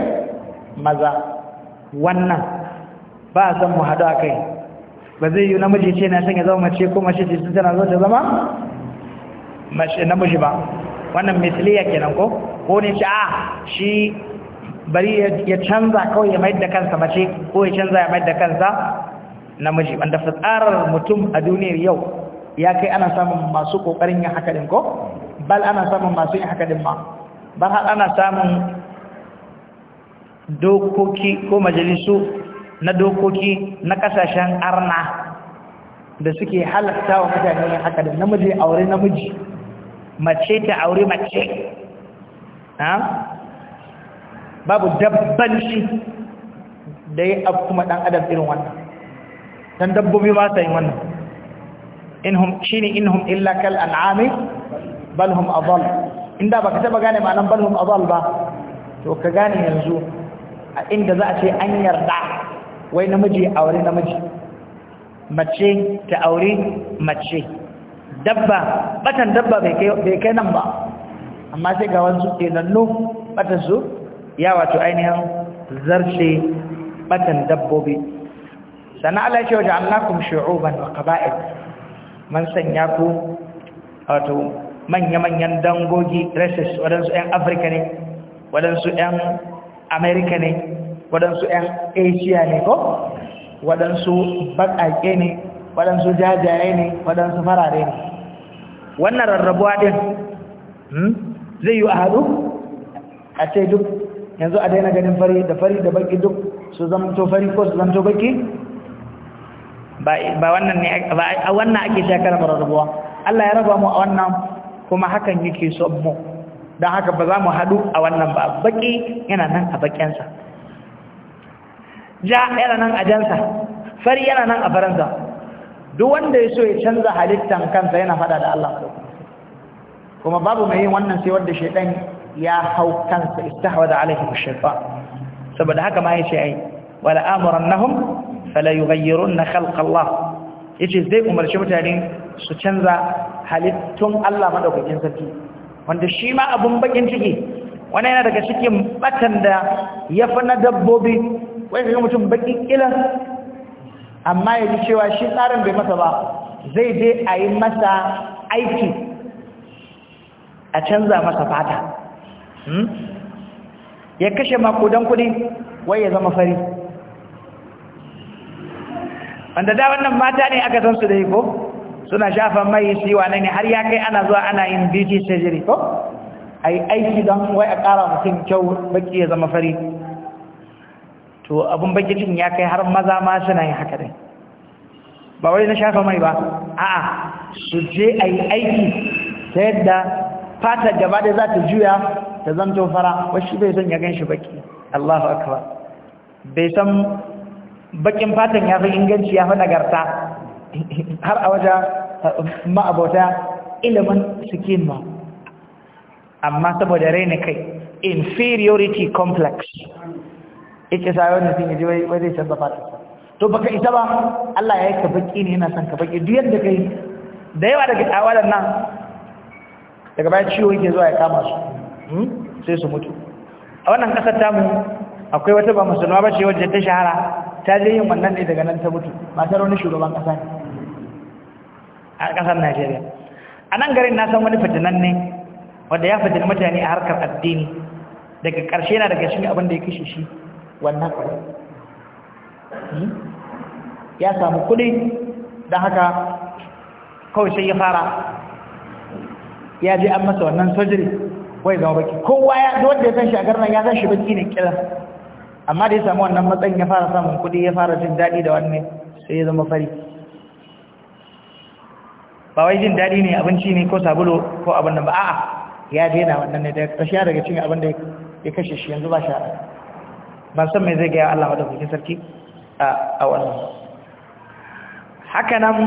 maza wannan ba a san mu haɗu a kai ba zai yi namiji ce na san ya zama mace ko mace ce tana zo ta zama mace namiji ba wannan misliya kenan ko ko ne ce a ah, shi bari ya canza kawai ya mayar da kansa mace ko ya canza ya mayar da kansa namiji wanda fitsarar mutum a duniyar yau ya kai ana samun masu kokarin yin haka din ko bal ana samun masu yin haka din ma bal har ana samun dokoki ko majalisu na dokoki na kasashen arna da suke halatta wa mutane yin haka din namiji aure namiji mace ta auri mace babu dabban shi da ya abu kuma ɗan adam irin wannan don dabbobi ba sa yin wannan inhum shine inhum illa kal an'ami balhum adall inda baka taba gane ma'anar balhum adall ba to ka gane yanzu a inda za a ce an yarda wai namiji aure namiji mace ta aure mace dabba batan dabba bai kai nan ba amma sai ga wasu no batan su ya wato ainihin zarce batan dabbobi sannan Allah ce wajen annakun shu'uban wa qaba'id man sanya ku wato manya-manyan dangogi races waɗansu 'yan afirka ne waɗansu 'yan amerika ne waɗansu 'yan asia ne ko waɗansu baƙaƙe ne waɗansu jajaye ne waɗansu farare ne wannan rarrabuwa ɗin hmm, zai yi a haɗu a ce duk yanzu a daina ganin fari da fari da baki duk su zamto fari ko su zamto baki ba wannan ne a wannan ake shakar rarrabuwa Allah ya raba mu a wannan kuma hakan yake so mu don haka ba za mu haɗu a wannan ba baki yana nan a bakinsa ja yana nan a jansa fari yana nan a faransa duk wanda ya so ya canza halittan kansa yana fada da Allah kuma babu mai yin wannan sai wanda shaidan ya hau kansa istahwada alaihi shaitan saboda haka ma yace ai wala amurannahum fala yughayyirunna khalqa Allah yace zai umarci mutane su canza halittun Allah madaukakin sarki wanda shi ma abun bakin ciki wannan yana daga cikin batan da ya fa na dabbobi wai ga mutum baki kilan amma ya ji cewa shi tsarin bai masa ba zai je a yi masa aiki a canza masa fata hmm? ya kashe makudan kudi wai ya zama fari wanda da wannan mata ne aka san su da ko suna shafa mai siwa na ne har ya kai ana zuwa ana yin beauty surgery ko a yi aiki don wai a kara mutum kyau baki ya zama fari to abin bakin ya kai har maza ma suna yin haka dai ba wai na shafa mai ba a'a su je a aiki ta yadda fatar gaba da za ta juya ta zamto fara wasu bai son ya gan baki allahu akbar bai san bakin fatan ya fi inganci ya fi nagarta har a waje uh, ma'abota ilimin sikin ma amma saboda raina kai inferiority complex yake sai wannan mutum ya wai zai canza fatarsa to baka isa ba Allah ya yi ka baki ne yana son ka baki duk yadda kai da yawa daga tsawalar nan daga bayan ciwo yake zuwa ya kama su hmm? sai su mutu a wannan kasar tamu akwai wata ba musulma ba ce wadda ta shahara ta je yin wannan ne daga nan ta mutu matar wani shugaban kasa ne a kasar Najeriya a nan garin na san wani fitinan ne wanda ya fitina mutane a harkar addini daga ƙarshe na daga shi abin da ya kashe shi wannan abu hmm? ya samu kuɗi don haka kawai sai ya fara ya ji an masa wannan sojiri wai zama baki kowa ya wanda ya san shi a garnan ya san shi baki ne kira amma da ya samu wannan matsayin ya fara samun kuɗi ya fara jin daɗi da wannan sai ya zama fari ba wai jin daɗi ne abinci ne ko sabulu ko abin da ba a'a ya daina wannan ne da ya daga cin abin da ya kashe shi yanzu ba shi ba san mai zai gaya Allah wadda kuke sarki a wannan haka nan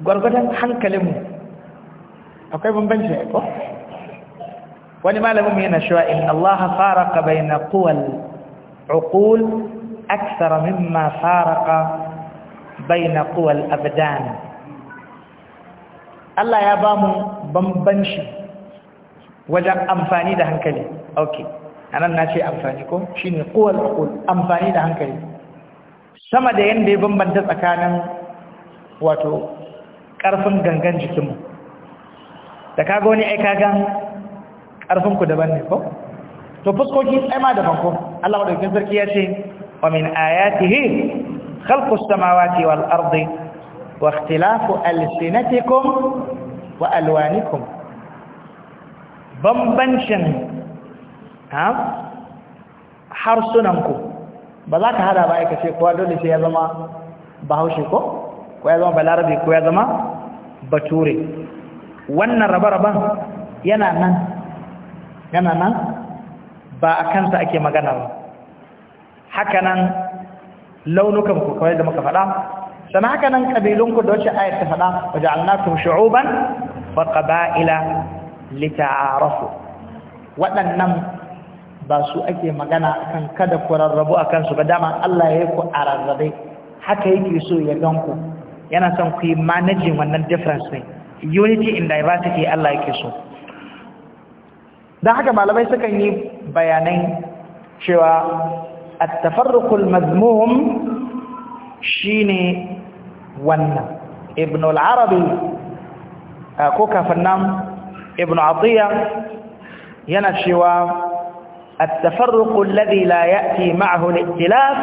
gwargwadon hankalinmu akwai bambanci ko wani malamin yana cewa in Allah faraka bayna quwal uqul akthara mimma faraka baina kuwal abdan Allah ya bamu bambanci wajen amfani da hankali okay anan na ce amfani ko shine quwwal uqul amfani da hankali sama da yadda ya bambanta tsakanin wato karfin gangan jikinmu da kaga wani ai kagan karfin ku daban ne ko to fuskoki tsama da banko Allah madaukakin sarki ya ce wa min ayatihi khalqu samawati wal ardi wa ikhtilafu alsinatikum wa alwanikum bambancin harsunanku ba za ka hada ba aika ce kowa dole sai ya zama bahaushe ko ko ya zama balarabe ko ya zama bature wannan rabe-raben yana nan yana nan ba a kansa ake magana ba haka nan launukanku kawai da muka faɗa sana haka nan ƙabilunku da wacce ayat ta faɗa waje annatun shu'uban wa ƙaba'ila lita'arafu waɗannan ba su ake magana akan kada ku rarrabu a kansu ba dama Allah ya yi ku a rarrabe haka yake so ya gan ku yana son ku yi managing wannan difference ne unity in diversity Allah yake so don haka malamai sukan yi bayanai cewa a tafarruqul mazmum shine wannan ibn al-arabi ah, ko kafin nan ibn atiya yana cewa التفرق الذي لا يأتي معه الائتلاف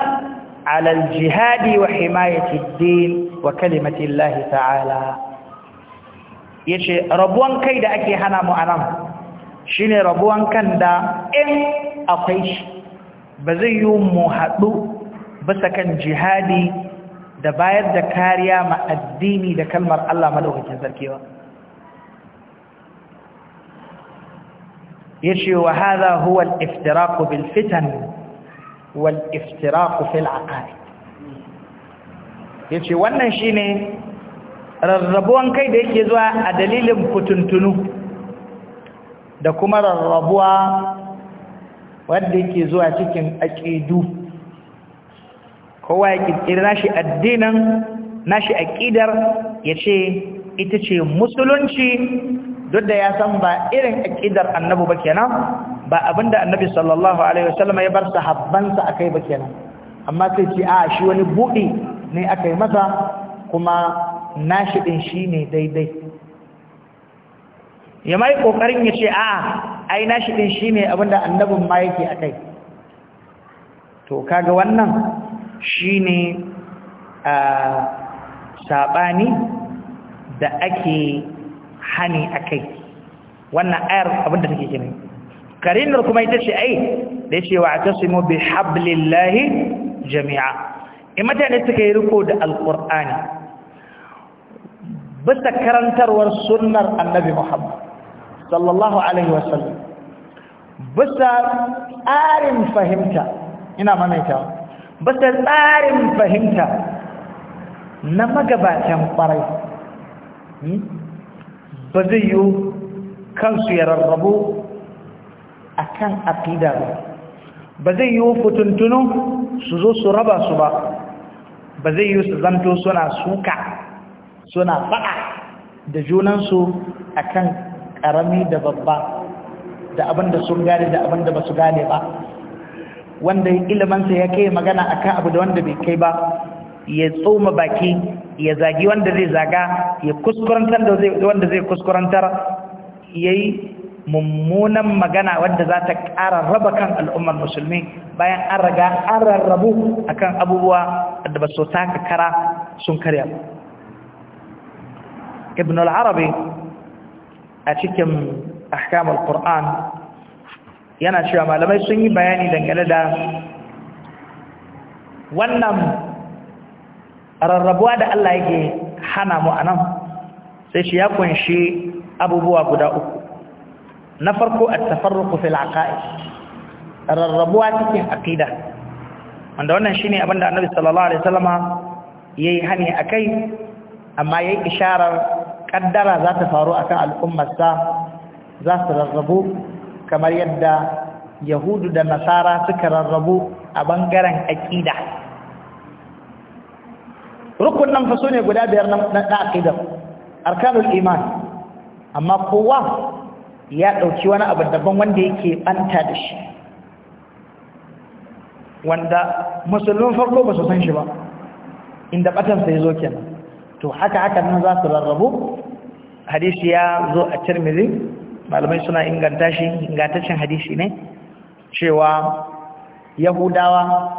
على الجهاد وحماية الدين وكلمة الله تعالى يشي ربوان كيدا أكي هنا معنام شيني ربوان كندا إن أقيش بزي يوم بس كان جهادي دباير دكاريا مع الديني دكالمر الله ملوغي تذكيوه yace wa hadha huwa al-iftiraq bil fitan wal wannan shine rarrabuwan kai da yake zuwa a dalilin kutuntunu da kuma rarrabuwa wanda yake zuwa cikin aqidu kowa ya addinin nashi addinan nashi aqidar yace ita ce musulunci duk da ya san ba irin aqidar annabi ba kenan ba abinda annabi sallallahu alaihi wasallam ya bar sahabbansa akai ba kenan amma sai ce a shi wani buɗi ne akai masa kuma nashiɗin shi ne daidai ya mai kokarin ya ce a ai nashiɗin shi ne abinda annabin ma yake akai to kaga wannan shi ne a sabani da ake hani akai wannan ayar abinda take kenan karinar kuma ita ce ai da yace wa tasimu bi hablillahi jami'a in mutane suka yi riko da alqur'ani bisa karantarwar sunnar annabi Muhammad sallallahu alaihi wasallam bisa tsarin fahimta ina mamaitawa bisa tsarin fahimta na magabatan kwarai hmm? ba zai yi kansu ya rarrabu a kan aƙida ba ba zai yi fituntunun su zo su raba su ba ba zai yi su zanto suna suka suna faɗa da junansu a kan ƙarami da babba da abinda sun gane da abinda ba su gane ba wanda ilimansa ya kai magana akan abu da wanda bai kai ba ya tsoma baki ya zagi wanda zai zaga ya kuskurantar da wanda zai kuskurantar ya yi mummunan magana wadda za ta ƙara raba kan al'ummar musulmi bayan an raga an rarrabu a kan abubuwa da ba so taka kara sun karya ibn al'arabi a cikin ahkamar ƙur'an yana cewa malamai sun yi bayani dangane da wannan rarrabuwa da Allah yake hana mu anan sai shi ya kunshi abubuwa guda uku na farko at-tafarruqu fil aqaid rarrabuwa cikin aqida wanda wannan shine abinda Annabi sallallahu alaihi wasallama yayi hani akai amma yayi isharar kaddara za ta faru akan al'ummar sa za su rarrabu kamar yadda yahudu da nasara suka rarrabu a bangaren aqida rukun nan faso ne guda biyar na aqidar arkanul iman amma kowa ya ɗauki wani abu daban wanda yake banta da shi wanda musulmin farko ba su san shi ba inda batansa ya zo kenan to haka haka nan za su rarrabu hadisi ya zo a tirmidhi malamai suna inganta shi ingantaccen hadisi ne cewa yahudawa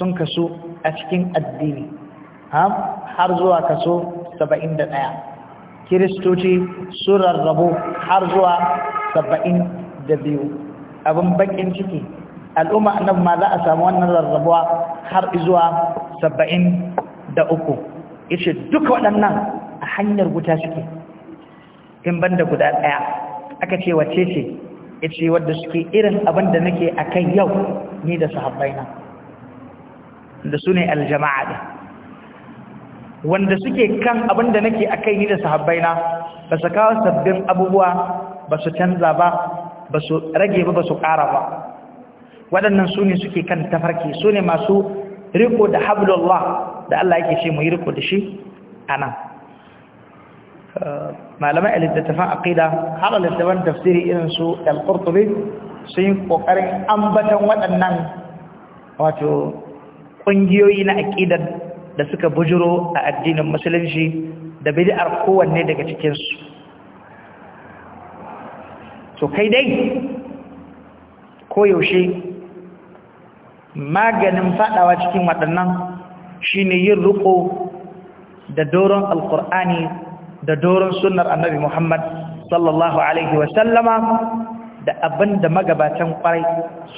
sun kasu a cikin addini har zuwa kaso 71 kiristoci sun rarrabu har zuwa 72 abin bakin ciki al'umma annabi ma za a samu wannan rarrabuwa har zuwa 73 yace duka waɗannan a hanyar guta suke in banda guda ɗaya aka ce wace ce yace wadda suke irin abin da nake akai yau ni da sahabbaina da su ne aljama'a wanda suke kan abin da nake akai ni da sahabbaina ba su kawo sabbin abubuwa ba su canza ba ba su rage ba ba su ƙara ba waɗannan su ne suke kan tafarki su masu riko da hablullah da Allah yake ce mu yi riko da shi a nan malamai a littattafan aƙida har a littattafan tafsiri irin su al-qurtubi sun yi ƙoƙarin ambatan waɗannan wato ƙungiyoyi na aqidar da suka bujiro a addinin musulunci da bid'ar kowanne daga cikinsu to kai dai koyaushe maganin fadawa cikin waɗannan shine yin riko da doron alkur'ani da doron sunnar annabi muhammad sallallahu alaihi wasallama da abinda magabatan kwarai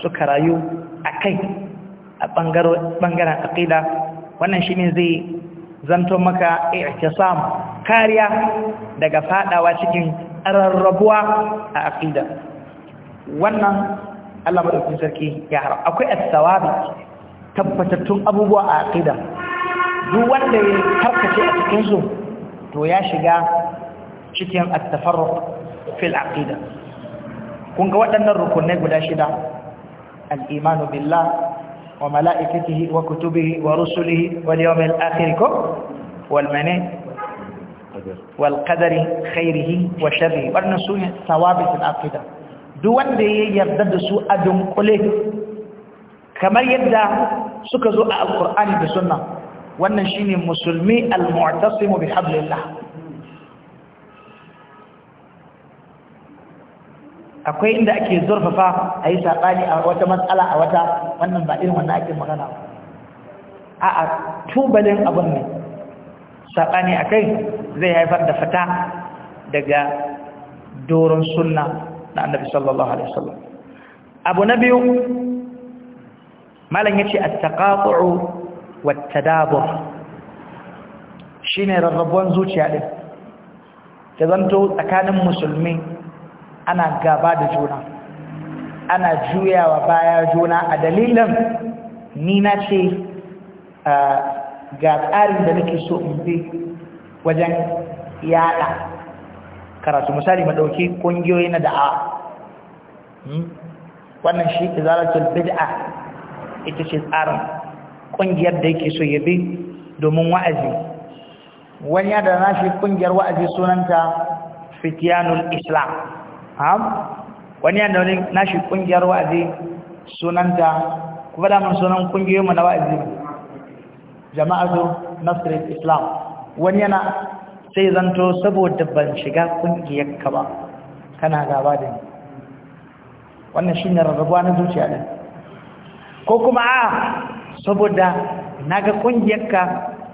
suka rayu a kai a ɓangaren aƙida wannan shi ne zai zanto maka i'tisam kariya daga fadawa cikin rarrabuwa a aqida wannan Allah madaukakin sarki ya haram akwai as-sawabi tabbatattun abubuwa a aqida duk wanda ya karkace a cikin su to ya shiga cikin at-tafarruq fil aqida kun ga waɗannan rukunai guda shida al-imanu billah وملائكته وكتبه ورسله واليوم الآخر والمنين والقدر خيره وشره والنسوء ثوابت العقيدة duk wanda ya yarda da su a dunkule kamar yadda suka zo a alkur'ani da sunna wannan shine musulmi al-murtala bi bihablillah akwai inda ake zurfafa a yi saɓani a wata matsala a wata wannan baɗin wannan ake magana ba a a tubalin abin ne saɓani a kai zai haifar da fata daga doron sunna na annabi sallallahu alaihi wasallam abu na biyu malam yace at-taqatu'u wat Shi shine rarrabuwan zuciya ɗin ta zanto tsakanin musulmi ana gaba da juna ana juyawa baya juna a dalilin ni na ce ga tsarin da nake so in bi wajen yada karatu misali madauki kungiyoyi na da'a hmm? wannan shi izalatul bid'a ita ce tsarin kungiyar da yake so ya bi domin wa'azi wani ya da shi kungiyar wa'azi sunanta fitiyanul islam Ham? wani yana wani nashi kungiyar wa'azi sunanta kuma da mun sunan kungiyar mu na wa'azi na nasr islam wani yana sai zanto saboda ban shiga kungiyar ka ba kana gaba da ni wannan shi ne rarrabuwa na zuciya ne ko kuma a saboda naga kungiyar ka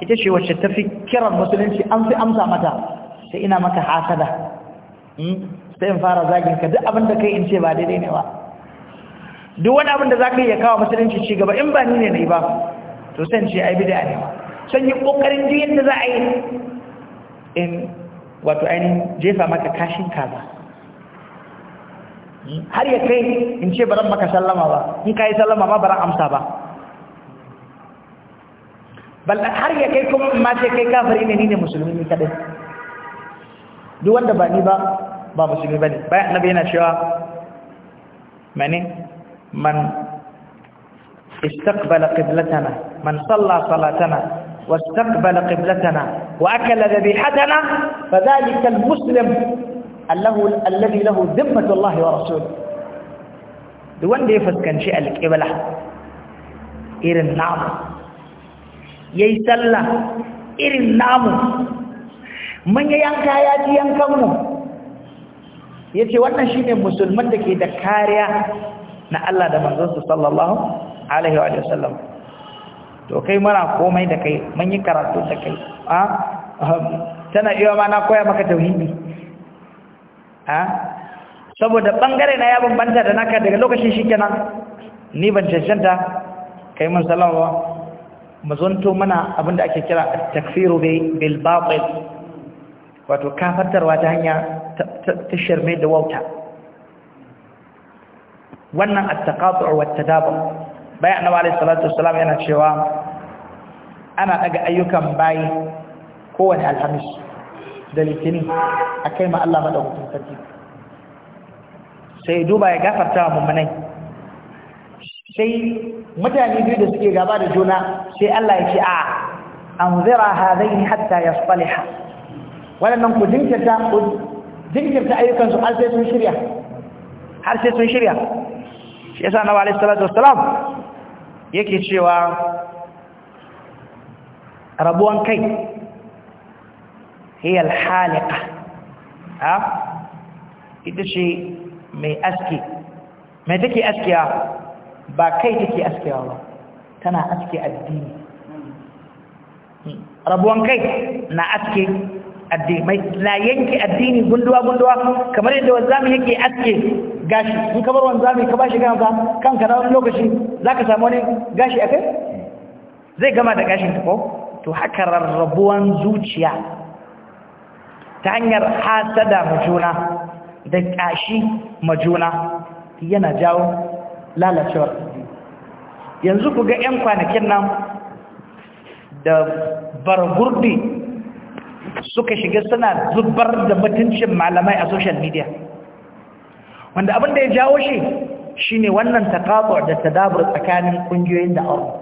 ita ce wacce tafi kiran musulunci an fi amsa mata sai ina maka hasada hmm? sai in fara zagin ka duk abin da kai in ce ba daidai ne ba duk wani abin da za ka yi ya kawo musulunci ci gaba in ba ni ne na yi ba to san in ce ai bida ne ba san yi kokarin ji yadda za a yi in wato ainihin jefa maka kashin kaza har ya kai in ce baran maka sallama ba in ka yi sallama ma baran amsa ba ballan har ya kai kuma ma ce kai kafiri ne ni ne musulmi ne kadai duk wanda ba ni ba babu shi bane bai annabi yana cewa mani man istaqbala qiblatana man salla واستقبل قبلتنا وأكل ذبيحتنا فذلك المسلم الله الذي له ذمة الله ورسوله دوان دي فسكن شيئا لك إبلا إير النام ييسلا إير النام من ينكا ياتي ينكمنه yace wannan shine musulman da ke da kariya na Allah da manzonsa sallallahu alaihi wa sallam to kai mara komai da kai mun yi karatu da kai a um, tana iya ma na koya maka tauhidi a saboda bangare na ya bambanta da naka daga lokacin shikenan ni ban cancanta kai mun salama ba mu zonto mana abinda ake kira takfiru bil batil wato kafartarwa ta hanya ta shirme da wauta wannan at-taqatu' wa at-tadabbur bayan annabi alayhi salatu wassalam yana cewa ana daga ayyukan bayi kowane alhamis da litinin akai ma Allah madaukakin sarki sai duba ya gafarta wa mummunai sai mutane biyu da suke gaba da juna sai Allah ya ce a anzira hadaini hatta yasfaliha waɗannan ku jinkirta ku jinkirta ayyukansu har sai sun shirya har sai sun shirya shi yasa na wale salatu wassalam yake cewa rabuwan kai hiya alhaliqa ha ita ce mai aski mai take askiya ba kai take askiya ba tana aske addini hmm. rabuwan kai na aske addinai na yanke addini gunduwa gunduwa kamar yadda wanzami yake aske gashi in kamar wanzami ka bashi gansa kanka na wani lokaci zaka samu wani gashi akai zai gama da gashin ta ko to haka rarrabuwan zuciya ta hanyar hasada majuna da kashi majuna yana jawo lalacewar yanzu ku ga 'yan kwanakin nan da bargurdi suka shiga suna zubar da mutuncin malamai a social media wanda abin da ya jawo shi shine wannan taqatu da tadabur tsakanin kungiyoyin da aure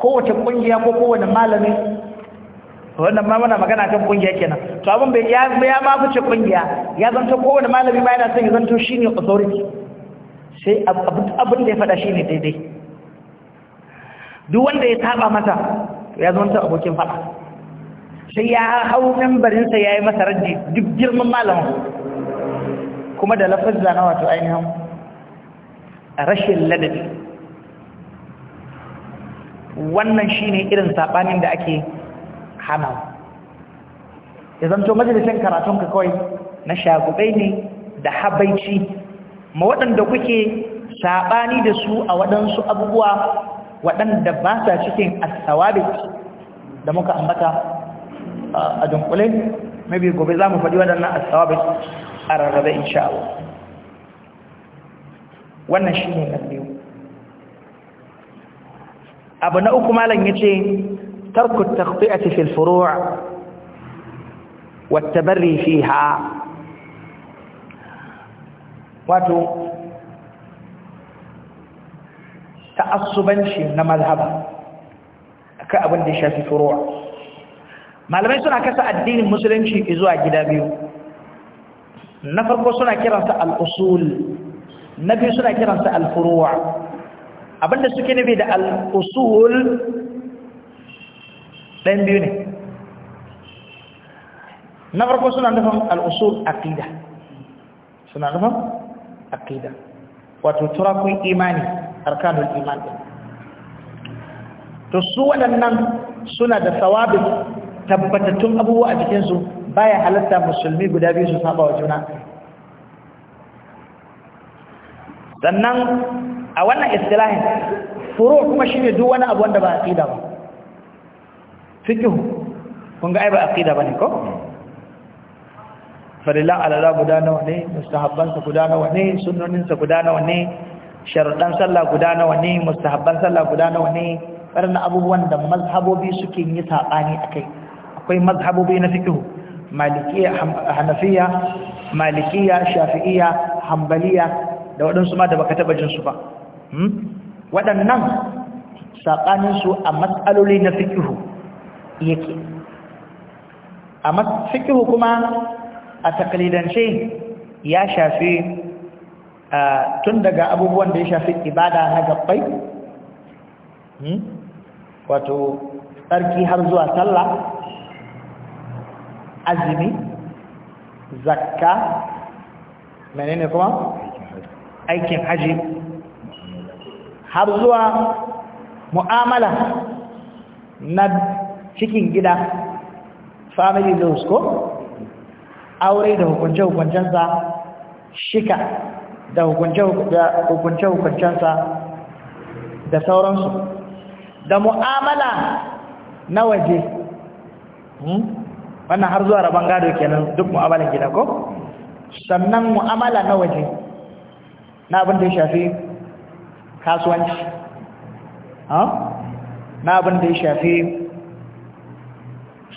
kowace kungiya ko kowane malami wannan ma muna magana kan kungiya kenan to abin bai ya ya ma fice kungiya ya zanto kowane malami ma yana son ya zanto shine authority sai abin da ya faɗa shine daidai duk wanda ya saba masa to ya zama abokin faɗa sai ya hau membarinsa ya yi masa raddi duk girman malama. kuma da lafazza na wato ainihin rashin ladabi wannan shine irin saɓanin da ake hana ya zanto karatun ka kawai na shagubai ne da habaici ma waɗanda kuke saɓani da su a waɗansu abubuwa waɗanda ba sa cikin asawabit da muka ambata a dunkule mabi gobe za mu faɗi waɗannan asawabit a rarrabe in sha'awa wannan shi ne na biyu abu na uku malam ya ce tarkut takhti'ati fil furu' wa tabarri fiha wato ta'assubanci na mazhaba akan abin da ya shafi furuwa malamai suna kasa addinin musulunci zuwa gida biyu na farko suna kiransa al-usul na biyu suna kiransa al-furuwa abinda suke nufi da al-usul ɗan biyu ne na farko suna nufin al'usul aƙida suna nufin aƙida wato turakun imani arkanul iman to su waɗannan suna da sawabin tabbatattun abubuwa a jikinsu baya halatta musulmi guda biyu su saba wa juna sannan a wannan istilahin furo kuma shine duk wani abu wanda ba aqida ba fiqh kun ga ai ba aqida bane ko farilla alala guda nawa ne mustahabban sa guda nawa ne sunnonin sa guda nawa ne sharuɗan sallah guda nawa ne mustahabban sallah guda nawa ne ƙarin abubuwan da mazhabobi suke yi saɓani a kai akwai mazhabobi na fikihu malikiya hanafiya malikiya shafi'iya hambaliya da waɗansu ma da baka taɓa jin su ba hmm? waɗannan saɓaninsu a matsaloli na fikihu yake a fikihu kuma a takalidance ya shafi Eh, tun daga abubuwan da ya shafi ibada na gabbai hmm, wato tsarki har zuwa sallah azumi zakka menene kuma aikin haji har zuwa mu'amala na cikin gida family laws ko aure da hukunce-hukuncensa shika da hukunce-hukuncensa da sauransu da mu'amala na waje hmm? wannan har zuwa rabon gado kenan duk mu'amalan gida ko sannan mu'amala na waje na abin da ya shafi kasuwanci na abin da ya shafi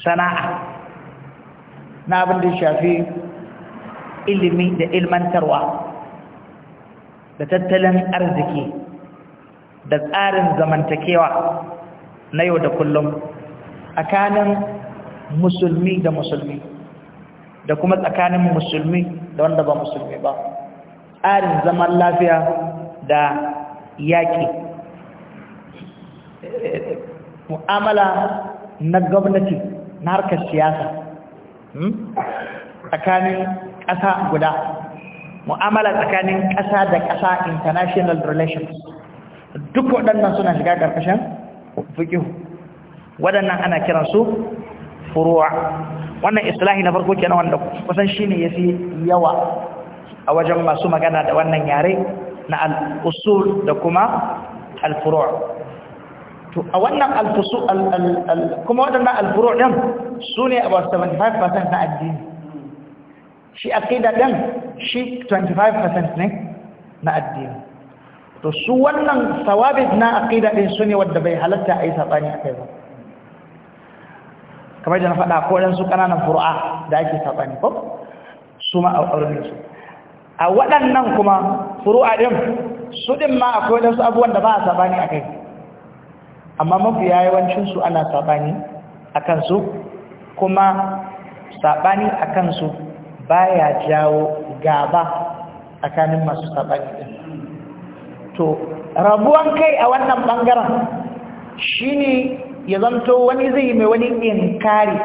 sana'a na abin da ya shafi ilimi da ilmantarwa da tattalin arziki da tsarin zamantakewa na yau da kullum tsakanin musulmi da musulmi da kuma tsakanin musulmi da wanda ba musulmi ba tsarin zaman lafiya da yaƙi mu'amala na gwamnati na harkar siyasa hmm? tsakanin ƙasa guda mu'amala tsakanin ƙasa da ƙasa international relations duk waɗannan suna shiga ƙarƙashin fiƙihu waɗannan ana kiransu furuwa wannan islahi na farko kenan wanda kusan shine yafi yawa a wajen masu magana da wannan yare na al-usul da kuma al-furu' to a wannan al-fusul kuma waɗannan al-furu' din sune about 75% na addini shi aqida din shi 25% ne na addini to su wannan sawabit na aqida din su ne wanda bai halatta a yi sabani akai ba kamar da na faɗa ko dan su kananan furu'a da ake sabani ko su ma a auren su a waɗannan kuma fur'a din su din ma akwai su abubuwan da ba a sabani akai amma mafi yawancin su ana sabani akan su kuma sabani akan su baya jawo gaba tsakanin masu saɓani ɗin to rabuwan kai a wannan ɓangaren shi ne ya zanto wani zai yi mai wani inkari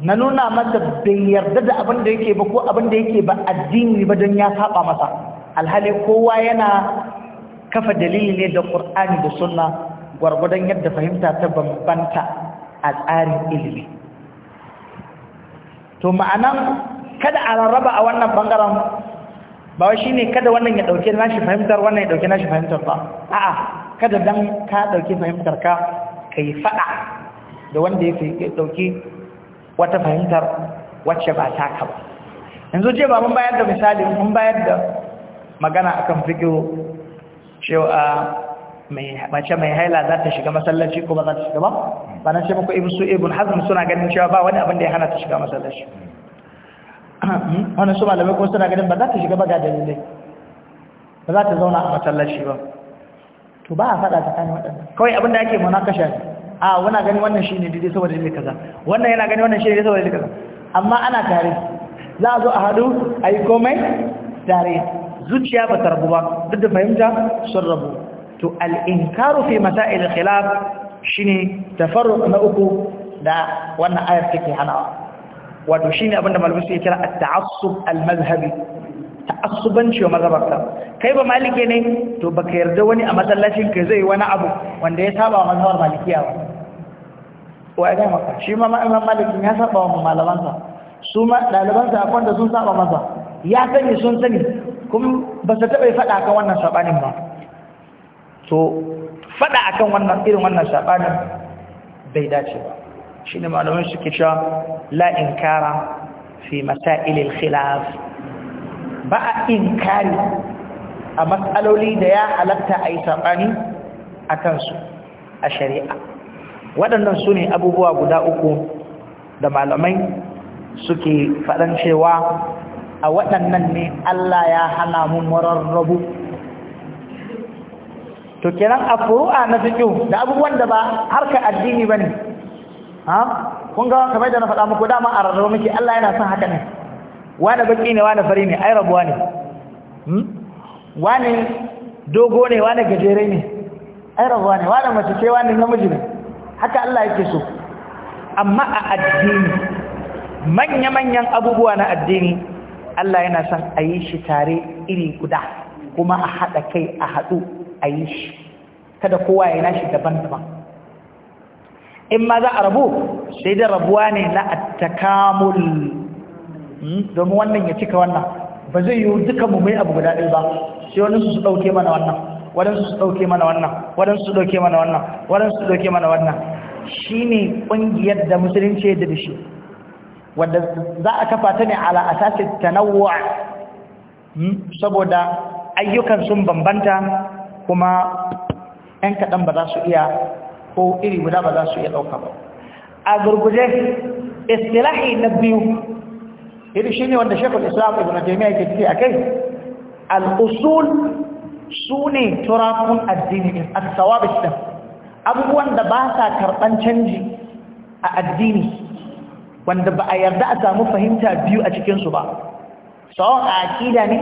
na nuna masa bai yarda da abin da yake ba ko abin da yake ba addini ba don ya saba masa alhali kowa yana kafa dalili ne da ƙur'ani da suna gwargwadon yadda fahimta ta bambanta a tsarin ilimi to ma'anan kada a rarraba a wannan bangaren ba shi ne kada wannan ya na nashi fahimtar wannan ya na nashi fahimtar ba a'a kada dan ka ɗauke fahimtar ka yi faɗa da wanda yake ɗauke wata fahimtar wacce ba taka ba yanzu je ba mun bayar da misali mun bayar da magana akan fikiro cewa mace mai haila za ta shiga masallaci ko ba za ta shiga ba ba na ce muku ibn su ibn hazm suna ganin cewa ba wani abin da ya hana ta shiga masallaci Hmm? wani su malamai ko suna ganin ba za ta shiga ba ga dalilai ba za ta zauna a matsalashi ba to ba a faɗa tsakanin waɗanda kawai abinda ake mana kashe a wana gani wannan shi ne daidai saboda jini kaza wannan yana gani wannan shi ne daidai saboda jini kaza amma ana tare za a zo a haɗu a yi komai tare zuciya ba ta rabu ba duk da fahimta sun rabu to al'inkaru fi masa'il khilaf shine tafarruq na uku da wannan ayar take hanawa wato shine abinda malamai suke kira at-ta'assub al-mazhabi ta'assubanci wa mazhabarka kai ba maliki ne to baka yarda wani a masallacin ka zai wani abu wanda ya saba mazhabar malikiya ba wa ga ka shi ma imam malikin ya saba wa malamansa su ma dalibansa akwai da sun saba masa ya sani sun sani kuma ba su taɓa yi faɗa akan wannan saɓanin ba to faɗa akan wannan irin wannan saɓanin bai dace ba shine malamai suke cewa la inkara fi masailil khilaf ba a inkari a matsaloli da ya halatta a yi saɓani a kansu a shari'a waɗannan su ne abubuwa guda uku da malamai suke faɗan cewa a waɗannan ne Allah ya hana mun mararrabu. to kenan a furu'a na fiƙi da abubuwan da ba harka addini ba ne ha kun ga kamar da na faɗa muku dama a rarraba muke Allah yana son haka ne wani baki ne wani fari ne ai rabuwa ne hmm? wani dogo ne wani gajere ne ai rabuwa ne wani mace ce wani namiji ne haka Allah yake so amma a addini manya-manyan abubuwa na addini Allah yana son a yi shi tare iri guda kuma a haɗa kai a haɗu a yi shi kada kowa ya nashi daban-daban in ma za a rabu sai da rabuwa ne na attakamul hmm? domin wannan ya cika wannan ba zai yiwu duka mu mai abu guda ɗaya ba sai wani su ɗauke mana wannan wani su ɗauke mana wannan wani su ɗauke mana wannan Wani su ɗauke mana wannan shi ne ƙungiyar da musulunci ya da shi wadda za a kafa ta ne ala asasi tanawwu' hmm? saboda ayyukan sun bambanta kuma ɗan kaɗan ba za su iya ko iri guda ba za su iya ɗauka ba a gurguje istilahi na biyu iri shi ne wanda shekul islam ibn jami'a ke ce a kai al'usul su ne turakun addini ne a abubuwan da ba sa karɓan canji a addini wanda ba a yarda a samu fahimta biyu a cikinsu ba tsawon a aƙida ne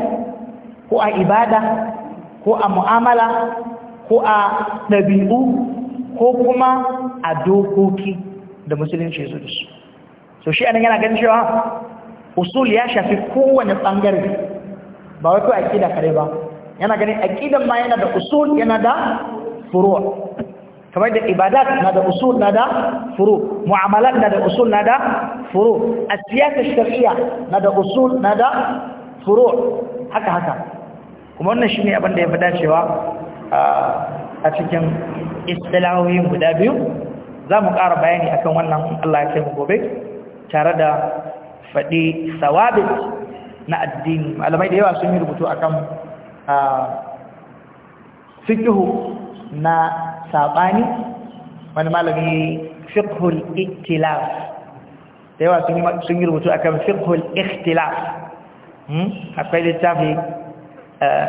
ko a ibada ko a mu'amala ko a ɗabi'u ko kuma a dokoki da musulunci su da so shi anan yana ganin cewa usul ya shafi kowane bangare ba wato aqida kare ba yana ganin aqidan ma yana da usul yana da furu' kamar da ibadat na da usul na da furu mu'amalat na da usul na da furu asiyasa shar'iyya na da usul na da furu haka haka kuma wannan shine abin da ya fi dacewa ah, a cikin istilahoyin guda biyu za mu ƙara bayani akan wannan Allah ya kai mu gobe tare da faɗi sawabit na addini malamai da yawa sun yi rubutu akan fikihu na saɓani wani malami fikihul ikhtilaf da yawa sun yi rubutu akan fikhul ikhtilaf hmm? akwai littafi eh,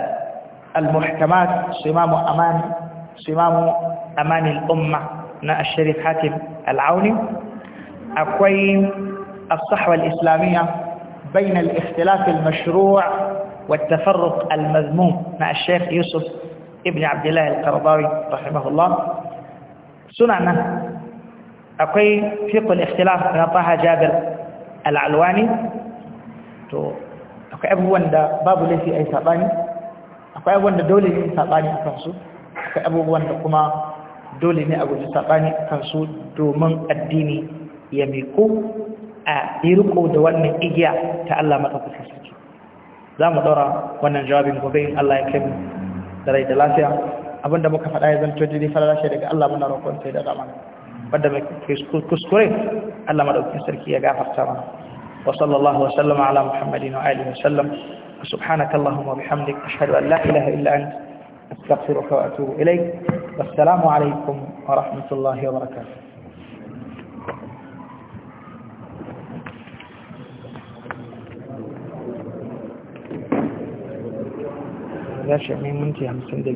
al-muhkamat su imamu amani. سمام أمان الأمة نا الشريف حاتم العوني أكوين الصحوة الإسلامية بين الاختلاف المشروع والتفرق المذموم مع الشيخ يوسف ابن عبد الله القرضاوي رحمه الله سنعنا أقول فيق الاختلاف من طه جابر العلواني أقول أبو وند باب ليس أي ثباني أقول أبو وند دولي ثباني أفرسو akwai abubuwan da kuma dole ne a guji saɓani kansu domin addini ya miko a irko da wannan igiya ta Allah maɗaukacin sarki za mu ɗora wannan jawabin gobe in Allah ya kai mu da rai da lafiya abinda muka faɗa ya zanto jini farashi daga Allah muna roƙon sai da ramana wadda mai kuskure Allah maɗaukacin sarki ya gafarta mana wa sallallahu wa sallama ala muhammadin wa alihi wa sallam subhanakallahumma wa bihamdik ashhadu an la ilaha illa anta أستغفرك وأتوب إليك والسلام عليكم ورحمة الله وبركاته rashin minti